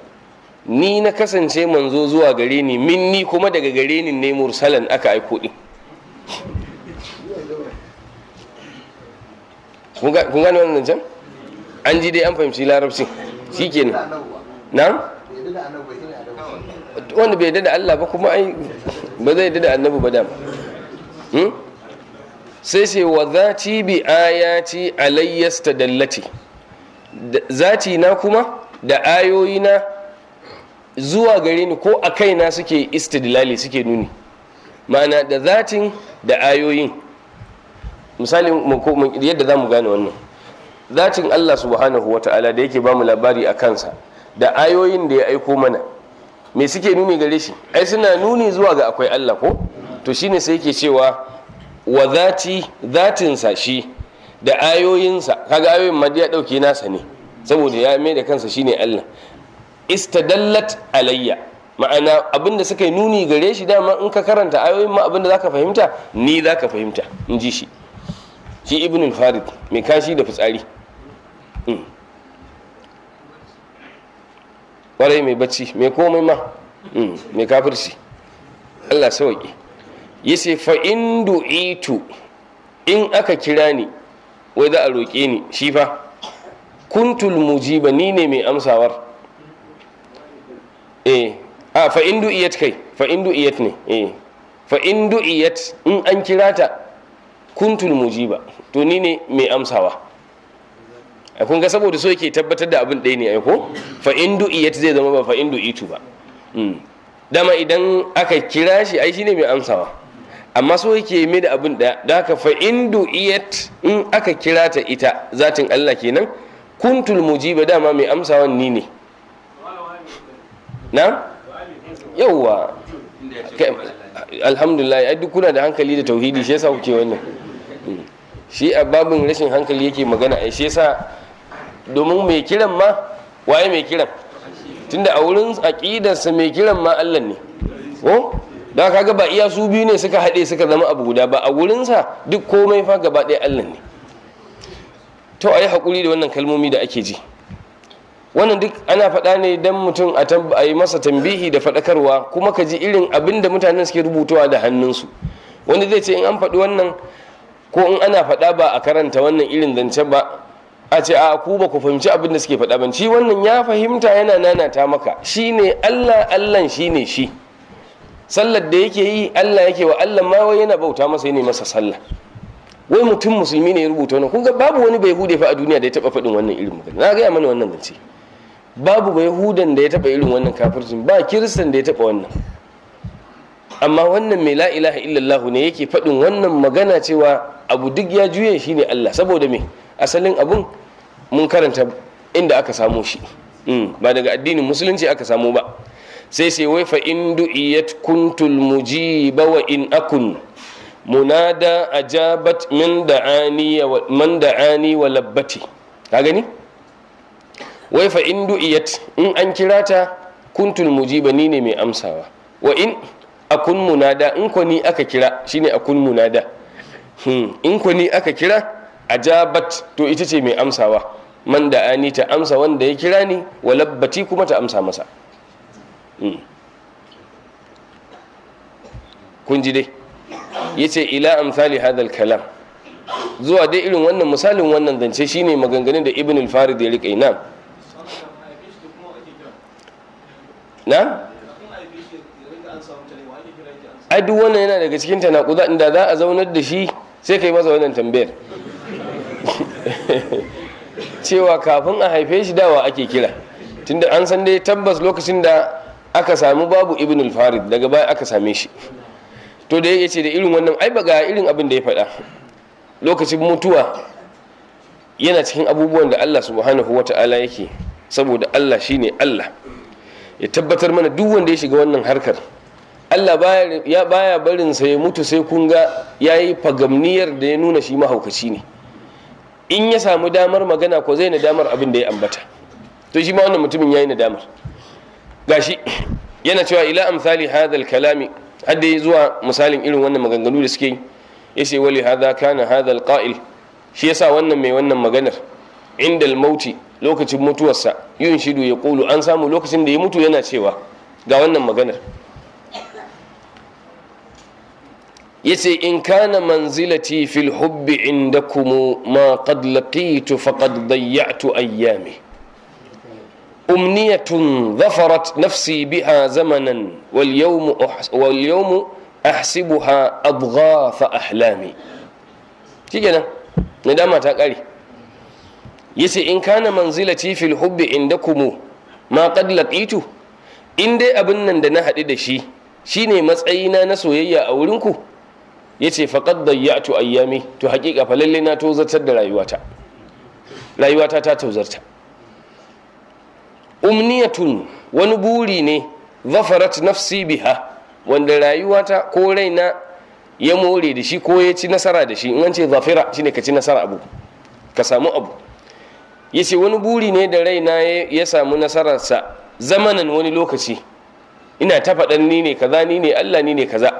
ni na kasance manzo zuwa gare ni min ni kuma daga gare ni ne mursalan aka aiko din kun gane wannan can an ji dai an fahimci larabci shi ke shikenan na wanda bai dada Allah ba kuma ai ba zai dada annabu ba dam hmm? sai sai wa zati bi ayati alayyasta dallati zati na kuma da ayoyi na zuwa gare ni ko a kaina suke istidlali suke nuni ma'ana da zatin da ayoyin misali yadda za mu gane wannan zatin allah subhanahu wa ta'ala da yake ba mu labari a kansa da ayoyin da ya aiko mana me suke nuni gare shi ai suna nuni zuwa ga akwai allah ko to shine sai yake cewa wa zati zatinsa shi da ayoyinsa kaga ayoyin ma ya dauke nasa ne saboda ya mai da kansa shine allah istadallat alayya ma'ana abinda suka yi nuni gare shi dama in ka karanta ayoyin ma abinda zaka fahimta ni zaka fahimta in ji shi shi ibn al-farid mai kashi da fitsari mm. kwarai mai bacci mai komai ma mm, mai kafirci Allah sauki yace fa in du'itu in aka kira ni wai za a roƙe ni shi fa kuntul mujiba ni ne mai amsawar eh a ah, fa in du'iyat kai fa in du'iyat ne eh fa in du'iyat in an kira ta kuntul mujiba to ni ne mai amsawa a eh, kun ga saboda so yake tabbatar da abin ɗaya ne ai ko fa in du'iyat zai zama ba fa in du'itu ba hmm. dama idan aka kira shi ai shine mai amsawa amma so yake mai da abin ɗaya da haka fa in du'iyat in aka kira ta ita zatin Allah kenan kuntul mujiba dama mai amsawan ni ne na yauwa alhamdulillah ai duk kuna da hankali da tauhidi shi yasa kuke wannan hmm. shi a babin rashin hankali yake magana ai shi yasa domin mai kiran ma waye mai kiran tunda a wurin aqidarsa mai kiran ma Allah ne ko da kaga ba iya su biyu ne suka haɗe suka zama abu guda ba a wurinsa duk komai fa gaba ɗaya Allah ne to a yi haƙuri da wannan kalmomi da ake ji wannan duk ana faɗa ne don mutum a yi masa tambihi da faɗakarwa kuma ka ji irin abin da mutanen suke rubutuwa da hannunsu wanda zai ce in an faɗi wannan ko in ana faɗa ba a karanta wannan irin zance ba a ce a ku ba ku fahimci abin da suke faɗa ban shi wannan ya fahimta yana nanata maka shi ne Allah allan shi ne shi sallar da yake yi Allah yake wa Allah ma wai yana bauta masa yana masa sallah wai mutum musulmi ne ya rubuta wannan kun babu wani bai hude fa a duniya da ya taba faɗin wannan irin magana na gaya mana wannan zance babu bai hudan da ya taba irin wannan kafircin ba kiristan da ya taba wannan amma wannan mai la ilaha illallah ne yake faɗin wannan magana cewa abu duk ya juye shi ne Allah saboda me asalin abun mun karanta inda aka samo shi hmm, ba daga addinin musulunci aka samo ba sai sai wai fa in du'iyat kuntul mujiba wa in akun munada ajabat min da'ani man ani wa labbati ka gani wai fa in du'iyat in an kira ta kuntul mujiba ni ne mai amsawa wa in akun munada in ko ni aka kira shine akun munada hmm. in ko ni aka kira ajabat to ita ce mai amsawa man da ani ta amsa wanda ya kira ni wa labbati kuma ta amsa masa hmm. kun ji dai yace ila amsali hadal kalam zuwa dai irin wannan misalin wannan zance shine maganganun da ibn al-farid ya rika ina na ai duk wannan yana daga cikin tanakuza inda za a zaunar da shi sai kai masa wannan tambayar cewa kafin a haife shi dawa ake kira tunda an san dai tabbas lokacin da aka samu babu ibn al-farid daga baya aka same shi to da ya ce da irin wannan ai baga irin abin da ya faɗa lokacin mutuwa yana cikin abubuwan da Allah subhanahu ta'ala yake saboda Allah shine Allah ya tabbatar mana duk wanda ya shiga wannan harkar Allah ya baya barin sa ya mutu sai kun ga yayi fagamniyar da ya nuna shi mahaukaci ne in ya samu damar magana ko zai nadamar abin da ya ambata to shi ma wannan mutumin yayi nadamar gashi yana cewa ila amsali hadha kalami har da zuwa misalin irin wannan maganganu da suke ya ce wali hada kana hada alqa'il shi yasa wannan mai wannan maganar indal mauti lokacin mutuwarsa yun shidu ya kulu an samu lokacin da ya mutu yana cewa ga wannan maganar Yace in kana manzilati fil hubbi indakum ma qad laqitu faqad dayya'tu ayyami umniyatun zafarat nafsi biha zamanan wal yawmu ahsibuha adghafa ahlami shikenan nadama ta kare yace in kana manzilati fil hubbi indakum ma qad laqitu in dai abin nan da na haɗu da shi shine matsayina na soyayya a wurinku yace faqad dayyatu ayyami to haƙiƙa fa lalle na tozartar da rayuwata rayuwata ta tozarta umniyatun wani buri ne zafarat nafsi biha wanda rayuwata ko raina ya more da shi ko ya ci nasara da shi in an ce zafira shine ka ci nasara abu ka samu abu ya ce wani buri ne da raina ya samu nasararsa zamanin wani lokaci ina ta faɗan ni ne kaza ni ne allah ni ne kaza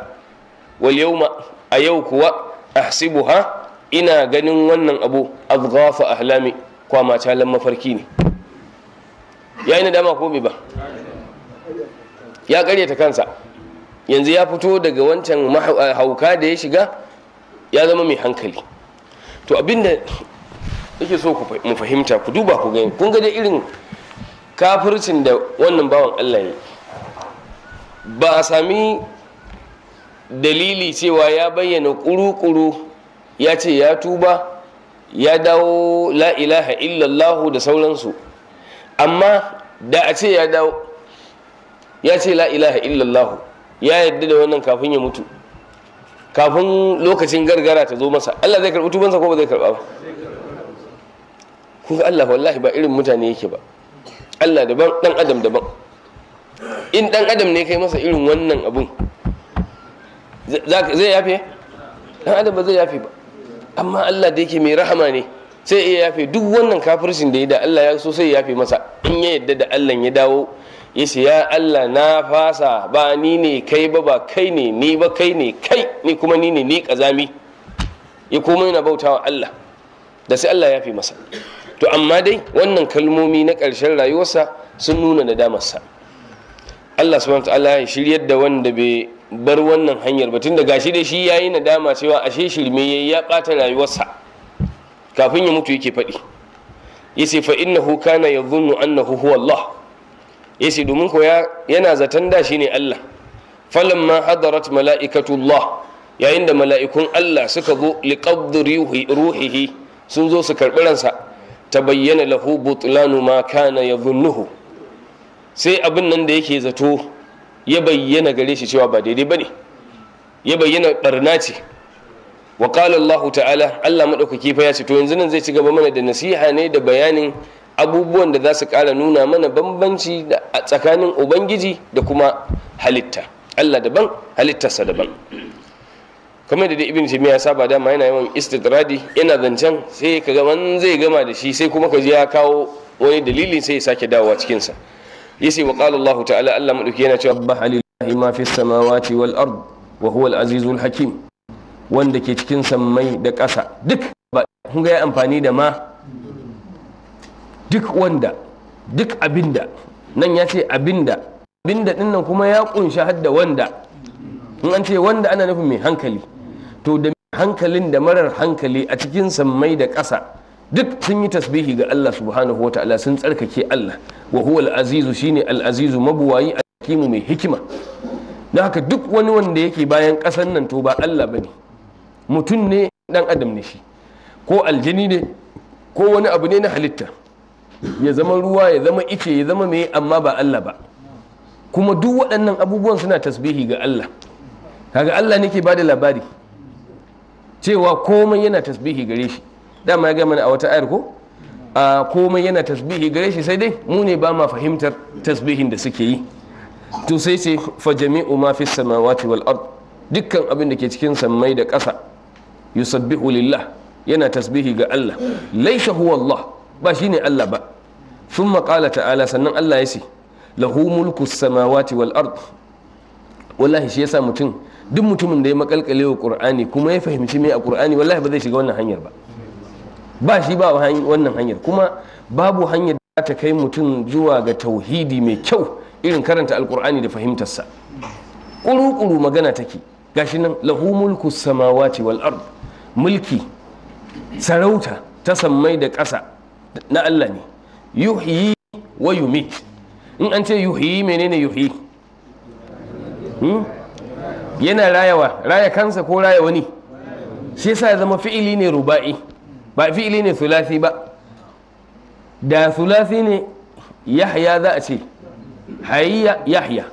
wal yauma a yau kuwa ahsibuha ina ganin wannan abu azghafa ahlami kwama talan mafarki ne ya yi nadama ko bai ba ya karyata kansa yanzu ya fito daga wancan eh, hauka da ya shiga ya zama mai hankali to abinda yake so mu fahimta ku duba ku gani kun ga da irin kafircin da wannan bawan Allah ne ba a sami dalili cewa ya bayyana kuru-kuru ya ce ya tuba ya dawo la ilaha illallahu da sauransu amma da a ce ya dawo ya ce la ilaha illallah ya yadda da wannan kafin ya mutu kafin lokacin gargara ta zo masa Allah zai karɓi tubansa ko ba zai karɓa ba kuma Allah wallahi ba irin mutane yake ba Allah daban dan adam daban in dan adam ne kai masa irin wannan abun zai yafe dan adam ba zai yafe ba amma Allah da yake mai rahama ne sai iya yafe duk wannan kafircin da ya da Allah ya so sai ya yafe masa in ya yadda da Allah ya dawo ya ce ya Allah na fasa ba ni ne kai ba ba kai ne ni ba kai ne kai ni kuma ni ne ni kazami ya koma yana bautawa Allah da sai Allah ya fi masa to amma dai wannan kalmomi na karshen rayuwarsa sun nuna da damarsa Allah subhanahu ta'ala ya shiryar da wanda bai bar wannan hanyar ba tunda gashi dai shi yayi nadama cewa ashe shirme yayi ya ɓata rayuwarsa kafin ya mutu yake faɗi yace fa innahu kana yadhunnu annahu huwa Allah yace domin ko yana zaton da shine Allah falamma hadarat mala'ikatullah yayin da mala'ikun Allah suka zo liqabd ruhihi sun zo su karbi ransa tabayyana lahu butlanu ma kana yadhunnuhu sai abin nan da yake zato ya bayyana gare shi cewa ba daidai bane ya bayyana barna ce wa qala Allah ta'ala Allah madaukaki fa ya ce to yanzu nan zai ci gaba mana da nasiha ne da bayanin abubuwan da za su ƙara nuna mana bambanci a tsakanin ubangiji da kuma halitta Allah daban halittarsa daban kamar da dai ibn jami'a ya saba dama yana yawan istidradi yana zancen sai ka ga zai gama da shi sai kuma ka ji ya kawo wani dalili sai ya sake dawowa cikin sa yace wa qala Allah ta'ala Allah madauki yana cewa subhanahu lillahi ma fis samawati wal ard wa huwa al azizul hakim wanda ke cikin sammai da ƙasa duk ba kun ga ya amfani da ma duk wanda duk abinda nan ya ce abinda abinda din nan kuma ya kunshi hadda wanda in an ce wanda ana nufin mai hankali to da hankalin da marar hankali a cikin sammai da ƙasa duk sun yi tasbihi ga Allah subhanahu wa ta'ala sun tsarkake Allah wa huwa al-azizu shine al-azizu mabuwayi al-hakimu mai hikima don haka duk wani wanda yake bayan ƙasan nan to ba Allah bane mutum ne dan adam ne shi ko aljini ne ko wani abu ne na halitta ya zama ruwa ya zama ice ya zama mai amma ba Allah ba kuma duk waɗannan abubuwan suna tasbihi ga Allah kaga Allah nake bada labari cewa komai yana tasbihi gare shi dama ya gama a wata ayar ko a komai yana tasbihi gare shi sai dai mu ne ba ma fahimtar tasbihin da suke yi to sai sai fa jami'u ma fi samawati wal ard dukkan abin da ke cikin samai da ƙasa yusabbihu lillah yana tasbihi ga Allah laisa huwa Allah ba shine Allah ba thumma qala ta'ala sannan Allah yace lahu mulku samawati wal ard wallahi shi yasa mutum duk mutumin da ya makalkale wa qur'ani kuma ya fahimci me a qur'ani wallahi ba zai shiga wannan hanyar ba ba shi ba wannan hanyar kuma babu hanyar da ta kai mutum zuwa ga tauhidi mai kyau irin karanta alqur'ani da fahimtarsa kuru-kuru magana take gashi nan lahu mulku samawati wal ard mulki sarauta ta sammai da ƙasa na Allah ne yuhi wa yumit in an ce yuhi menene yuhi hmm? yana rayawa raya kansa ko raya wani shi yasa zama fi'ili ne ruba'i ba fi'ili ne sulasi ba da sulasi ne yahya za a ce hayya yahya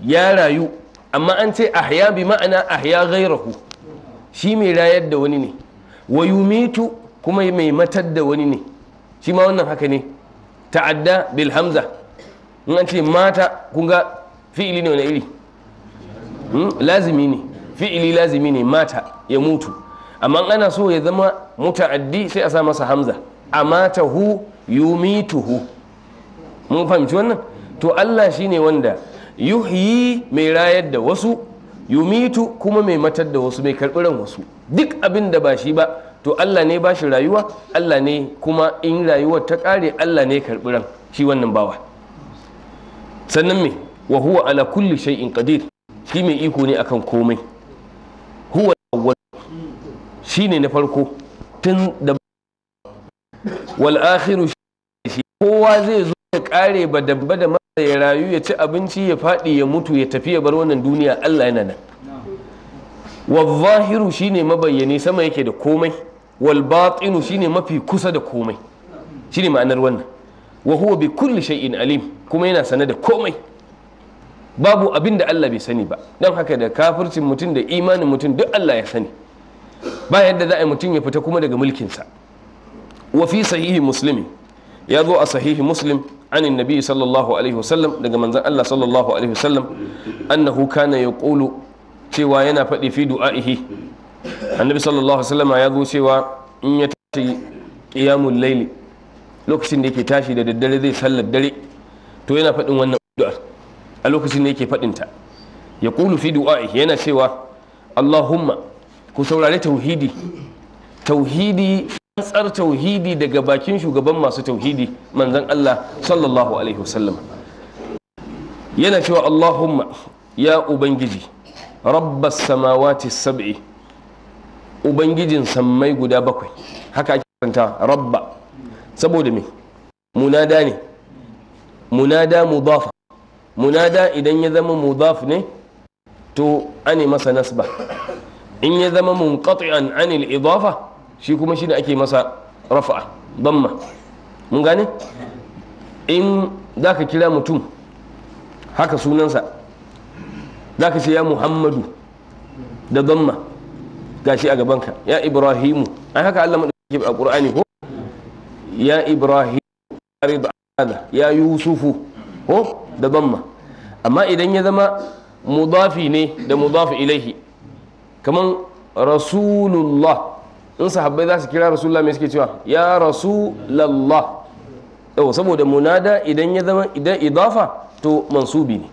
ya rayu amma an ce ahya bi ma'ana ahya ghairahu shi mai rayar da wani ne wa yumitu kuma mai matar da wani ne shi ma wannan haka ne ta'adda bil hamza in an ce mata kun ga fi'ili ne wani iri hmm? lazimi ne fi'ili lazimi ne mata ya mutu amma ana so ya zama muta'addi sai a sa masa hamza hu amatahu hu. mun fahimci wannan to Allah shine wanda yuhyi mai rayar da wasu yumitu kuma mai matar da wasu mai karɓi ran wasu duk abin da ba shi ba to Allah ne ba shi rayuwa Allah ne kuma in rayuwar ta ƙare Allah ne karɓi ran shi wannan bawa sannan me wa huwa ala kulli shay'in qadir shi mai iko ne akan komai huwa shi ne na farko tun da wal akhiru shi kowa zai zo ya kare ba damba da masa ya rayu ya ci abinci ya faɗi ya mutu ya tafi ya bar wannan duniya Allah yana nan wazahiru shine mabayyane sama yake da komai wal batinu shine mafi kusa da komai shine ma'anar wannan wa huwa bi kulli shay'in alim kuma yana sane da komai babu abin da Allah bai sani ba dan haka da kafircin mutum da imanin mutum duk Allah ya sani ba yadda za a yi mutum ya fita kuma daga mulkinsa wa fi sahihi muslimin ya zo a sahihi muslim an annabi sallallahu alaihi wasallam daga manzon Allah sallallahu alaihi wasallam annahu kana yaqulu cewa yana faɗi fi du'a'ihi annabi sallallahu alaihi wasallam ya zo cewa in ya tashi qiyamul layli lokacin da yake tashi da daddare zai sallar dare to yana faɗin wannan addu'ar a lokacin da yake faɗin ta yaqulu fi du'a'ihi yana cewa Allahumma ku saurare tauhidi tauhidi tsar tauhidi daga bakin shugaban masu tauhidi manzon Allah sallallahu alaihi wasallam yana cewa Allahumma ya ubangiji rabbas samawati sab'i ubangijin sammai guda bakwai haka ake karanta rabba saboda me munada ne munada mudaf munada idan ya zama mudaf ne to ane masa nasba in ya zama munqati'an anil idafa shi kuma shi ne ake masa raf'a damma mun gane in za ka kira mutum haka sunansa za ka ce ya muhammadu da damma gashi a gabanka ya ibrahimu an haka allah ke a ƙur'ani ko ya ibrahimu ya yusufu ko da damma amma idan ya zama mudafi ne da mudafi ilaihi kamar rasulullah in sahabbai za su kira rasulullah mai suke cewa ya rasulallah yau saboda munada idan ya zama idan idafa to mansubi ne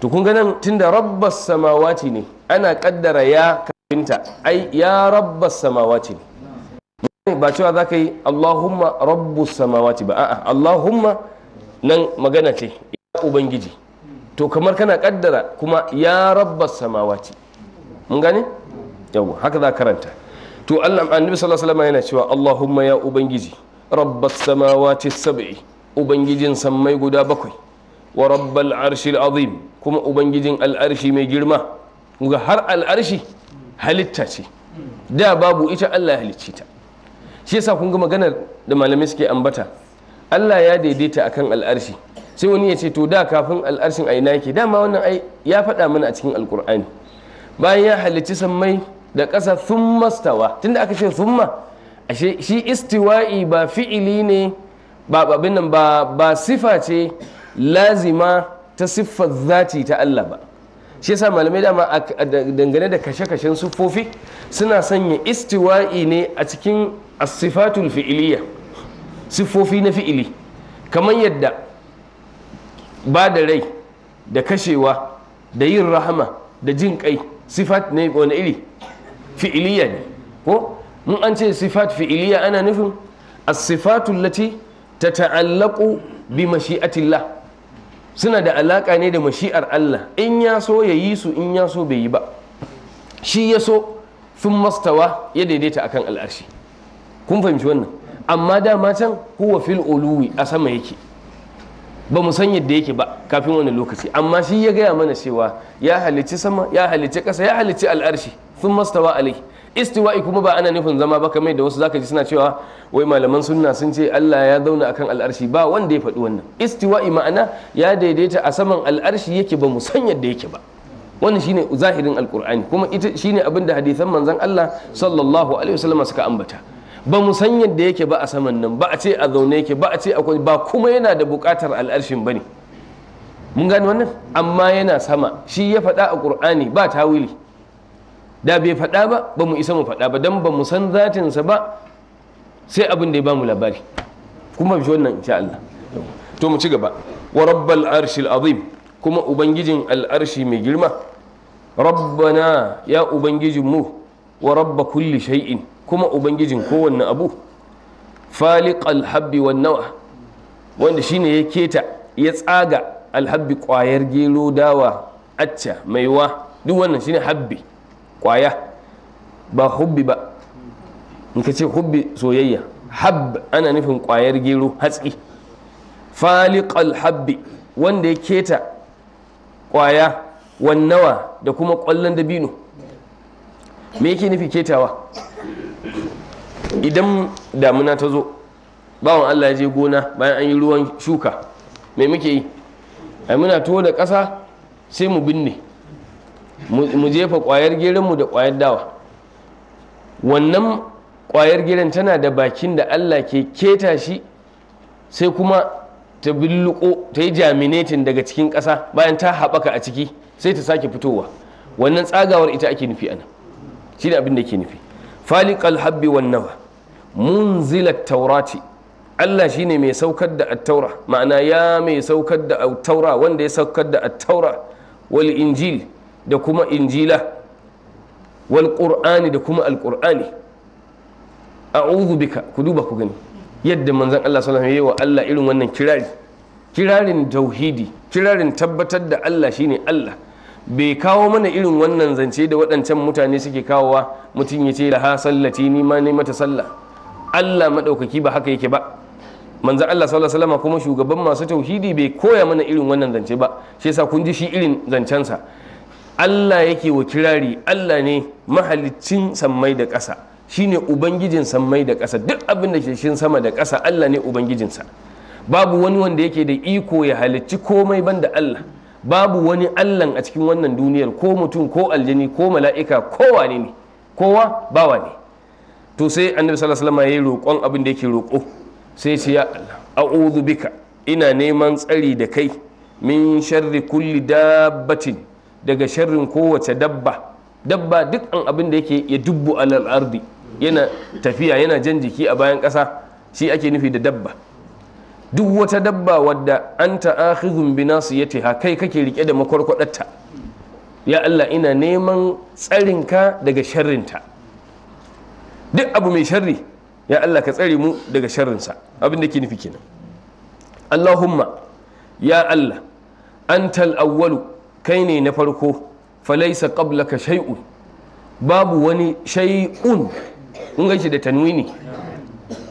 to kun ganin tunda rabbas samawati ne ana kaddara ya kafinta ai ya rabbas samawati ne ba cewa za ka yi allahumma rabbus samawati ba a'a allahumma nan magana ce ya ubangiji to kamar kana kaddara kuma ya rabbas samawati mun gane yau haka za karanta to Allah annabi sallallahu yana cewa Allahumma ya ubangiji rabbas samawati sab'i ubangijin sammai guda bakwai wa rabbal arshil azim kuma ubangijin al'arshi mai girma ga har al'arshi halitta ce da babu ita Allah halicci ta shi yasa kun ga maganar da malamai suke ambata Allah ya daidaita akan al'arshi sai wani ya ce to da kafin al'arshin aina yake dama wannan ai ya faɗa mana a cikin alkur'ani bayan ya halicci sammai da ƙasa sun mastawa tunda aka ce sun ma shi istiwa'i ba fi'ili ne ba abin nan ba ba sifa ce lazima ta siffar zati ta Allah ba shi yasa malamai dama dangane da kashe-kashen siffofi suna sanya istiwa'i ne a cikin asifatul fi'iliya siffofi na fi'ili kamar yadda ba da rai da kashewa da yin rahama da jin kai sifat ne wani iri fi'iliya ne ko mun an ce sifat fi'iliya ana nufin as-sifatu ta tata'allaqu bi mashi'atillah suna da alaka ne da mashi'ar Allah in ya so ya yi su in ya so bai yi ba shi ya so sun mastawa ya daidaita akan al'arshi kun fahimci wannan amma dama can huwa fil a sama yake ba mu san yadda yake ba kafin wani lokaci amma shi ya gaya mana cewa ya halicci sama ya halicci ƙasa ya halicci al'arshi sun mastawa alai istiwa'i kuma ba ana nufin zama ba kamar da wasu zaka ji suna cewa wai malaman sunna sun ce Allah ya zauna akan al'arshi ba wanda ya faɗi wannan istiwa'i ma'ana ya daidaita a saman al'arshi yake ba mu san yadda yake ba wannan shine zahirin alqur'ani kuma ita shine abin da hadisan manzon Allah sallallahu alaihi wasallam suka ambata ba mu san yadda yake ba a saman nan ba a ce a zaune yake ba a ce akwai ba kuma yana da bukatar al'arshin ba ne mun gane wannan amma yana sama shi ya faɗa a ƙur'ani ba tawili da bai faɗa ba ba mu isa mu faɗa ba don ba mu san zatinsa ba sai abin da ya ba mu labari kuma bi wannan insha Allah to mu ci gaba wa rabbal arshil azim kuma ubangijin al'arshi mai girma rabbana ya ubangijin mu wa rabba kulli shay'in kuma ubangijin kowanne abu faliq alhabbi wan nawa wanda shine ya keta ya tsaga alhabbi kwayar gero dawa acca maiwa duk wannan shine habbi kwaya ba hubbi ba in ka ce hubbi soyayya hab ana nufin kwayar gero hatsi faliq alhabbi wanda ya keta kwaya wannawa da kuma kwallon dabino me yake nufi ketawa idan damuna ta zo bawan Allah ya je gona bayan an yi ruwan shuka mai muke yi ai muna tuwo da ƙasa sai mu binne mu jefa ƙwayar gerenmu da ƙwayar dawa wannan ƙwayar geron tana da bakin da Allah ke keta shi sai kuma ta billuko ta yi jaminetin daga cikin ƙasa bayan ta haɓaka a ciki sai ta sake fitowa wannan tsagawar ita ake nufi ana shi da abin da ke nufi Falikal habbi wan nawa munzilat taurati Allah shine mai saukar da attaura ma'ana ya mai saukar da attaura wanda ya saukar da attaura wal injil da kuma injila wal qur'ani da kuma a a'udhu bika ku duba ku gani yadda manzon Allah sallallahu yi wa Allah irin wannan kirari kirarin tauhidi kirarin tabbatar da Allah shine Allah bai kawo mana irin wannan zance da waɗancan mutane suke kawowa mutum ya ce ha sallati ni ma ne mata sallah Allah maɗaukaki ba haka yake ba manzo Allah sallallahu alaihi kuma shugaban masu tauhidi bai koya mana irin wannan zance ba shi yasa kun ji shi irin zancen sa Allah yake wa kirari Allah ne mahalicin sammai da ƙasa shine ubangijin sammai da ƙasa duk abin da ke shin sama da ƙasa Allah ne ubangijinsa babu wani wanda yake da iko ya halicci komai banda Allah babu wani allan a cikin wannan duniyar ko mutum ko aljini ko mala'ika ko wane ne kowa ba wane to sai annabi sallallahu alaihi wasallam ya roƙon abin da yake roƙo sai ce ya Allah bika ina neman tsari da kai min sharri kulli dabbatin daga sharrin kowace dabba dabba duk an abin da yake ya dubbu alal ardi yana tafiya yana jan jiki a bayan ƙasa shi ake nufi da dabba duk wata dabba wadda anta akhidhun bi nasiyatiha kai kake rike da makwarkwadarta ya Allah ina neman tsarinka daga sharrinta duk abu mai sharri ya Allah ka tsare mu daga sharrinsa abin da ke nufi kenan Allahumma ya Allah antal awwalu kai ne na farko falaisa ka shay'un babu wani shai'un kun da tanwini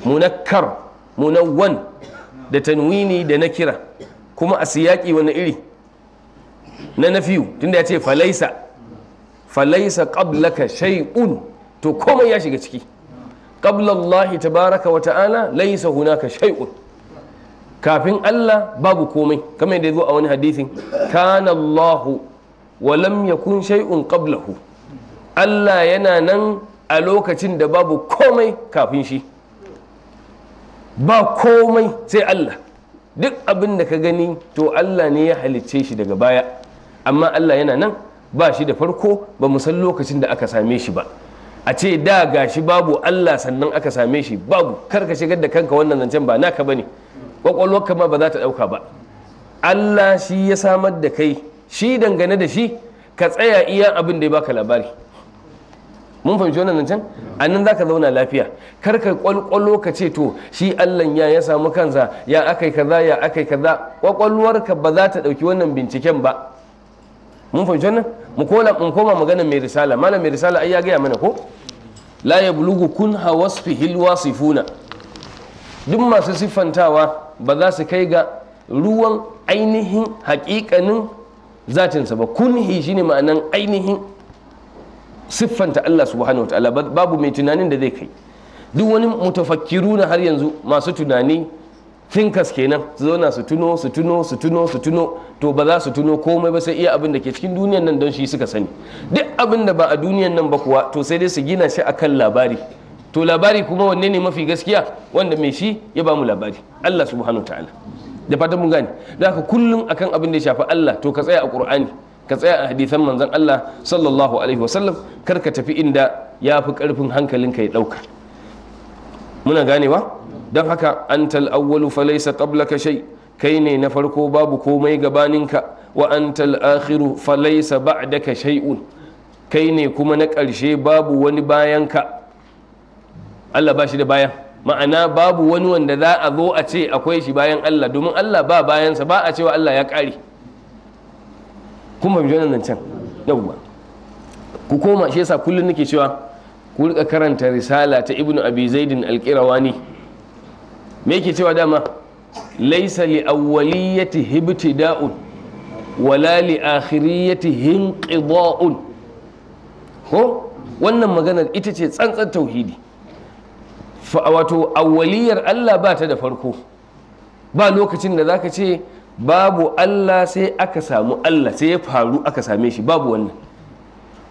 munakkar munawwan da tanwini da nakira kuma a siyaki wani iri na nafiyu tunda ya ce falaisa falaisa qablaka shay'un to komai ya shiga ciki ƙablallahi tabaraka wa ta'ala laisa hunaka shay'un kafin Allah babu komai kamar yadda zo a wani hadisin kana Allah wa lam yakun shay'un qablahu Allah yana nan a lokacin da babu komai kafin shi ba komai sai Allah duk abin da ka gani to Allah ne ya halicce shi daga baya amma Allah yana nan ba shi da farko ba mu san lokacin da aka same shi ba a ce da ga shi babu Allah sannan aka same shi babu kar ka shigar da kanka wannan zancen ba naka bane kwakwalwarka ma ba za ta dauka ba Allah shi ya samar da kai shi dangane da shi ka tsaya iya abin da ya baka labari mun fahimci wannan nan can annan zaka zauna lafiya kar ka kwalkwalo ka ce to shi Allah ya ya samu kansa ya akai kaza ya akai kaza kwakwalwar ka ba za ta dauki wannan binciken ba mun fahimci wannan mu kola mun koma magana mai risala malam mai risala ai ya gaya mana ko la bulugu kun hawasfihil wasifuna duk masu siffantawa ba za su kai ga ruwan ainihin haƙiƙanin zatinsa ba kunhi shine ma'anan ainihin siffanta Allah subhanahu ta'ala babu mai tunanin da zai kai duk wani na har yanzu masu tunani thinkers kenan su zauna su tuno su tuno su tuno su tuno to ba za su tuno komai ba sai iya abin da ke cikin duniyan nan don shi suka sani duk abin da ba a duniyan nan ba kuwa to sai dai su gina shi akan labari to labari kuma wanne ne mafi gaskiya wanda mai shi ya ba mu labari Allah subhanahu ta'ala da fatan mun gane da haka kullum akan abin da ya shafi Allah to ka tsaya a Qur'ani ka tsaya a hadisan manzon Allah sallallahu alaihi wasallam kar ka tafi inda ya fi karfin hankalinka ya dauka muna ganewa don haka antal awwalu falaysa qablaka shay kai ne na farko babu komai gabaninka wa antal akhiru falaysa ba'daka shay'un kai ne kuma na ƙarshe babu wani bayanka Allah ba shi da bayan ma'ana babu wani wanda za a zo a ce akwai shi bayan Allah domin Allah ba bayansa ba a cewa Allah ya ƙare kun fahimci nan can yauwa ku koma shi yasa kullum nake cewa ku rika karanta risala ta ibnu abi zaidin alqirawani me yake cewa dama laisa li awwaliyati hibtida'un wala li akhiriyati hinqida'un ko wannan maganar ita ce tsantsan tauhidi wato awwaliyar Allah ba ta da farko ba lokacin da zaka ce babu Allah sai aka samu Allah sai ya faru aka same shi babu wannan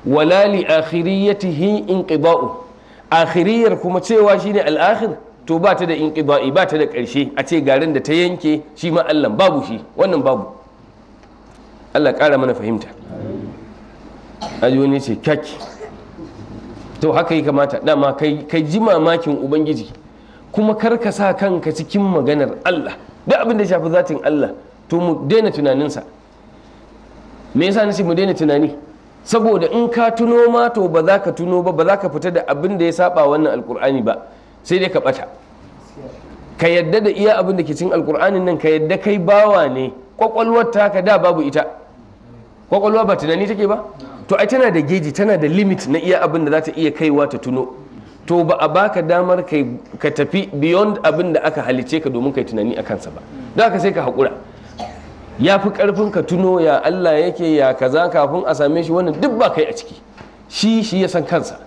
walali akhiriyati akhiriyatihi inqiba'u akhiriyar kuma cewa shine al-akhir to ba ta da inqiba'i ba ta da ƙarshe a ce garin da ta yanke shi ma Allah babu shi wannan babu Allah ƙara mana fahimta aji wani ce kyaki to haka yi kamata dama kai ji mamakin ubangiji kuma kar ka sa kanka cikin maganar Allah duk abin da shafi zatin Allah to mu daina tunaninsa me yasa nace mu daina tunani saboda in ka tuno ma to ba za ka tuno ba ba za ka fita da abin da ya saba wannan alkur'ani ba sai dai ka bata ka yadda da iya abin da ke cikin alkur'anin nan ka yadda kai bawa ne kwakwalwar taka da babu ita kwakwalwa ba tunani take ba to ai tana da geji tana da limit na iya abin da za ta iya kaiwa ta tuno to ba a baka damar ka tafi beyond abin da aka halice ka domin kai tunani a kansa ba da ka sai ka haƙura ya fi karfin ka tuno ya Allah yake ya kaza kafin a same shi wannan duk ba kai a ciki shi shi ya san kansa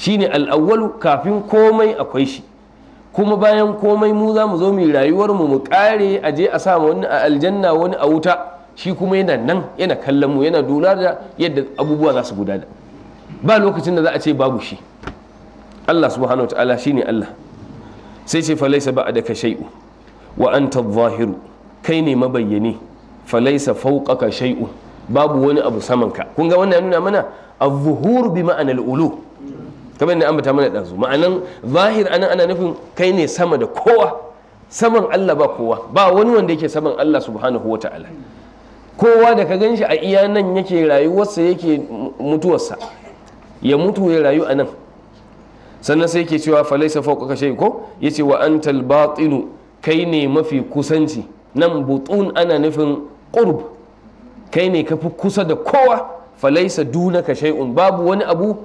shi ne al'awwalu kafin komai akwai shi kuma bayan komai mu za mu zo mu rayuwar mu mu kare a je a sa wani a aljanna wani a wuta shi kuma yana nan yana kallon mu yana dula da yadda abubuwa za su gudana ba lokacin da za a ce babu shi Allah subhanahu wataala shine Allah sai ce fa laysa ba'daka shay'u wa anta adh-dhahiru kai ne mabayyani falaisa fauƙaka shay'un babu wani abu samanka kun ga wannan nuna mana az-zuhur bi ma'anal ulu kamar da ambata mana dazu ma'anan zahir anan ana nufin kai ne sama da kowa saman Allah ba kowa ba wani wanda yake saman Allah subhanahu wata'ala kowa da ka ganshi a iya nan yake rayuwarsa yake mutuwarsa ya mutu ya rayu a nan sannan sai yake cewa falaisa fauƙaka shay'un ko yace wa antal batinu kai ne mafi kusanci nan butun ana nufin ƙurb kai ne ka fi kusa da kowa falaisa dunaka shay'un babu wani abu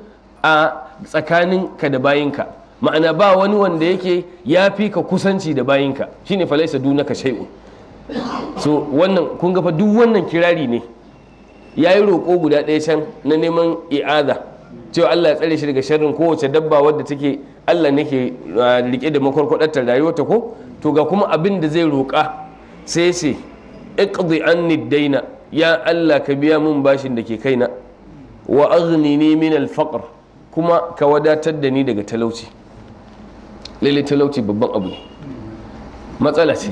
a tsakanin ka da bayinka ma'ana ba wani wanda yake ya fi ka kusanci da bayinka shine falaisa dunaka shay'un so wannan kun ga fa duk wannan kirari ne ya yi roƙo guda ɗaya can na neman i'aza cewa Allah ya tsare shi daga sharrin kowace dabba wadda take Allah nake ah, rike da makwarkwadarta rayuwarta ko to ga kuma abin da zai roƙa sai ce iqdi anni daina ya Allah ka biya mun bashin da ke kaina wa ni min al kuma ka wadatar da ni daga talauci lalle talauci babban abu ne matsala ce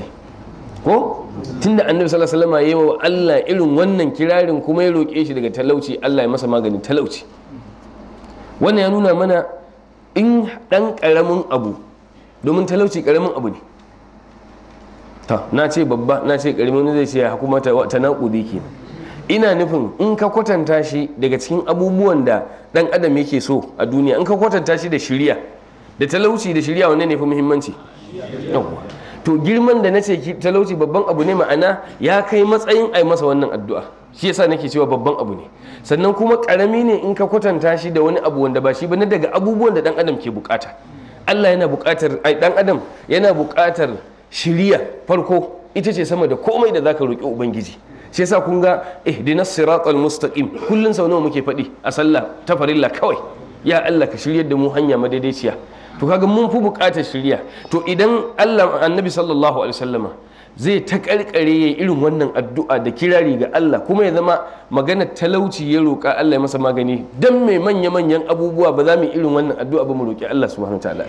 ko tunda annabi sallallahu alaihi wasallam yayi wa Allah irin wannan kirarin kuma ya roke shi daga talauci Allah ya masa magani talauci wannan ya nuna mana in dan karamin abu domin talauci karamin abu ne na ce babba na ce karamin zai ce ya kuma ta naƙudi ke. ina nufin in ka kwatanta shi daga cikin abubuwan da dan adam yake so a duniya in ka kwatanta shi da shirya da talauci da shirya wanne ne fi muhimmanci to girman da nace talauci babban abu ne ma'ana ya kai matsayin a yi masa wannan addu'a shi yasa nake cewa babban abu ne sannan kuma karami ne in ka kwatanta shi da wani abu wanda ba shi ba na daga abubuwan da dan adam ke bukata Allah yana bukatar ai dan adam yana bukatar shirya farko ita ce sama da komai da zaka roƙi ubangiji shi yasa kun ga eh dina siratal mustaqim kullun sau nawa muke faɗi a sallah ta farilla kawai ya Allah ka shiryar da mu hanya madaidaiciya to kaga mun fi buƙatar shirya to idan Allah annabi sallallahu alaihi wasallama zai ta karkare ya irin wannan addu'a da kirari ga Allah kuma ya zama magana talauci ya roƙa Allah ya masa magani dan mai manya manyan abubuwa ba za mu irin wannan addu'a ba mu roƙi Allah subhanahu wataala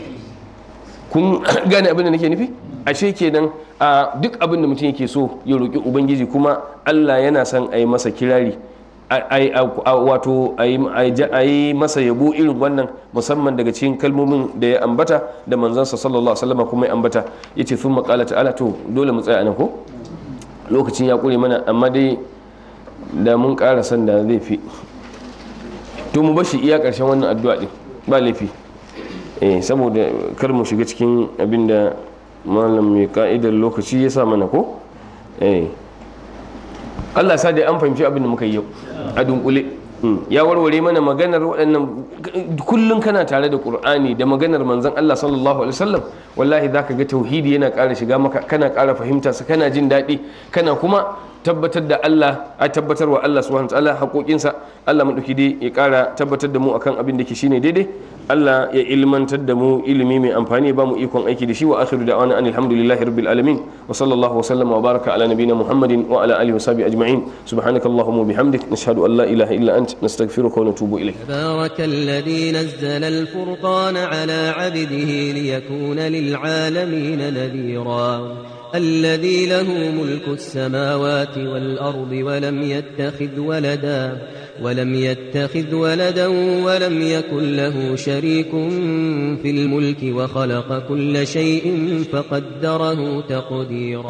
kun gane abin da nake nufi ashe kenan a duk abin da mutum yake so ya roƙi ubangiji kuma allah yana son a yi masa kirari wato a yi masa yabo irin wannan musamman daga cikin kalmomin da ya ambata da manzansa sallallahu alaihi wasallam kuma ya ambata ya ce sun maƙala ta'ala to dole mu tsaya nan ko lokacin ya ƙure mana amma dai da mun ƙara son da zai fi to mu bashi iya ƙarshen wannan addu'a din ba laifi eh saboda kar mu shiga cikin abin da malam mai ka'idar lokaci ya sa mana ko eh Allah sa da an fahimci abin da muka yi yau a dunkule hmm. ya warware mana maganar waɗannan kullum kana tare da ƙur'ani da maganar manzon Allah sallallahu alaihi wasallam wallahi zaka ga tauhidi yana ƙara shiga maka kana ƙara fahimta sa kana jin daɗi kana kuma tabbatar da Allah a tabbatar wa Allah subhanahu ta'ala haƙoƙinsa Allah maɗauki dai ya ƙara tabbatar da mu akan abin da ke shine daidai Allah ya ilmantar da mu ilimi mai amfani ba mu ikon aiki da shi wa akhiru da'wana anil hamdulillahi rabbil alamin wa sallallahu wa sallama wa baraka ala nabiyina muhammadin wa ala alihi wa sahbihi ajma'in subhanakallahumma wa bihamdik nashhadu an la ilaha illa ant nastaghfiruka wa natubu ilayk tabarakal nazzala al ala 'abdihi liyakuna lil 'alamin nadhira الذي له ملك السماوات والأرض ولم يتخذ ولدا ولم يتخذ ولدا ولم يكن له شريك في الملك وخلق كل شيء فقدره تقديرا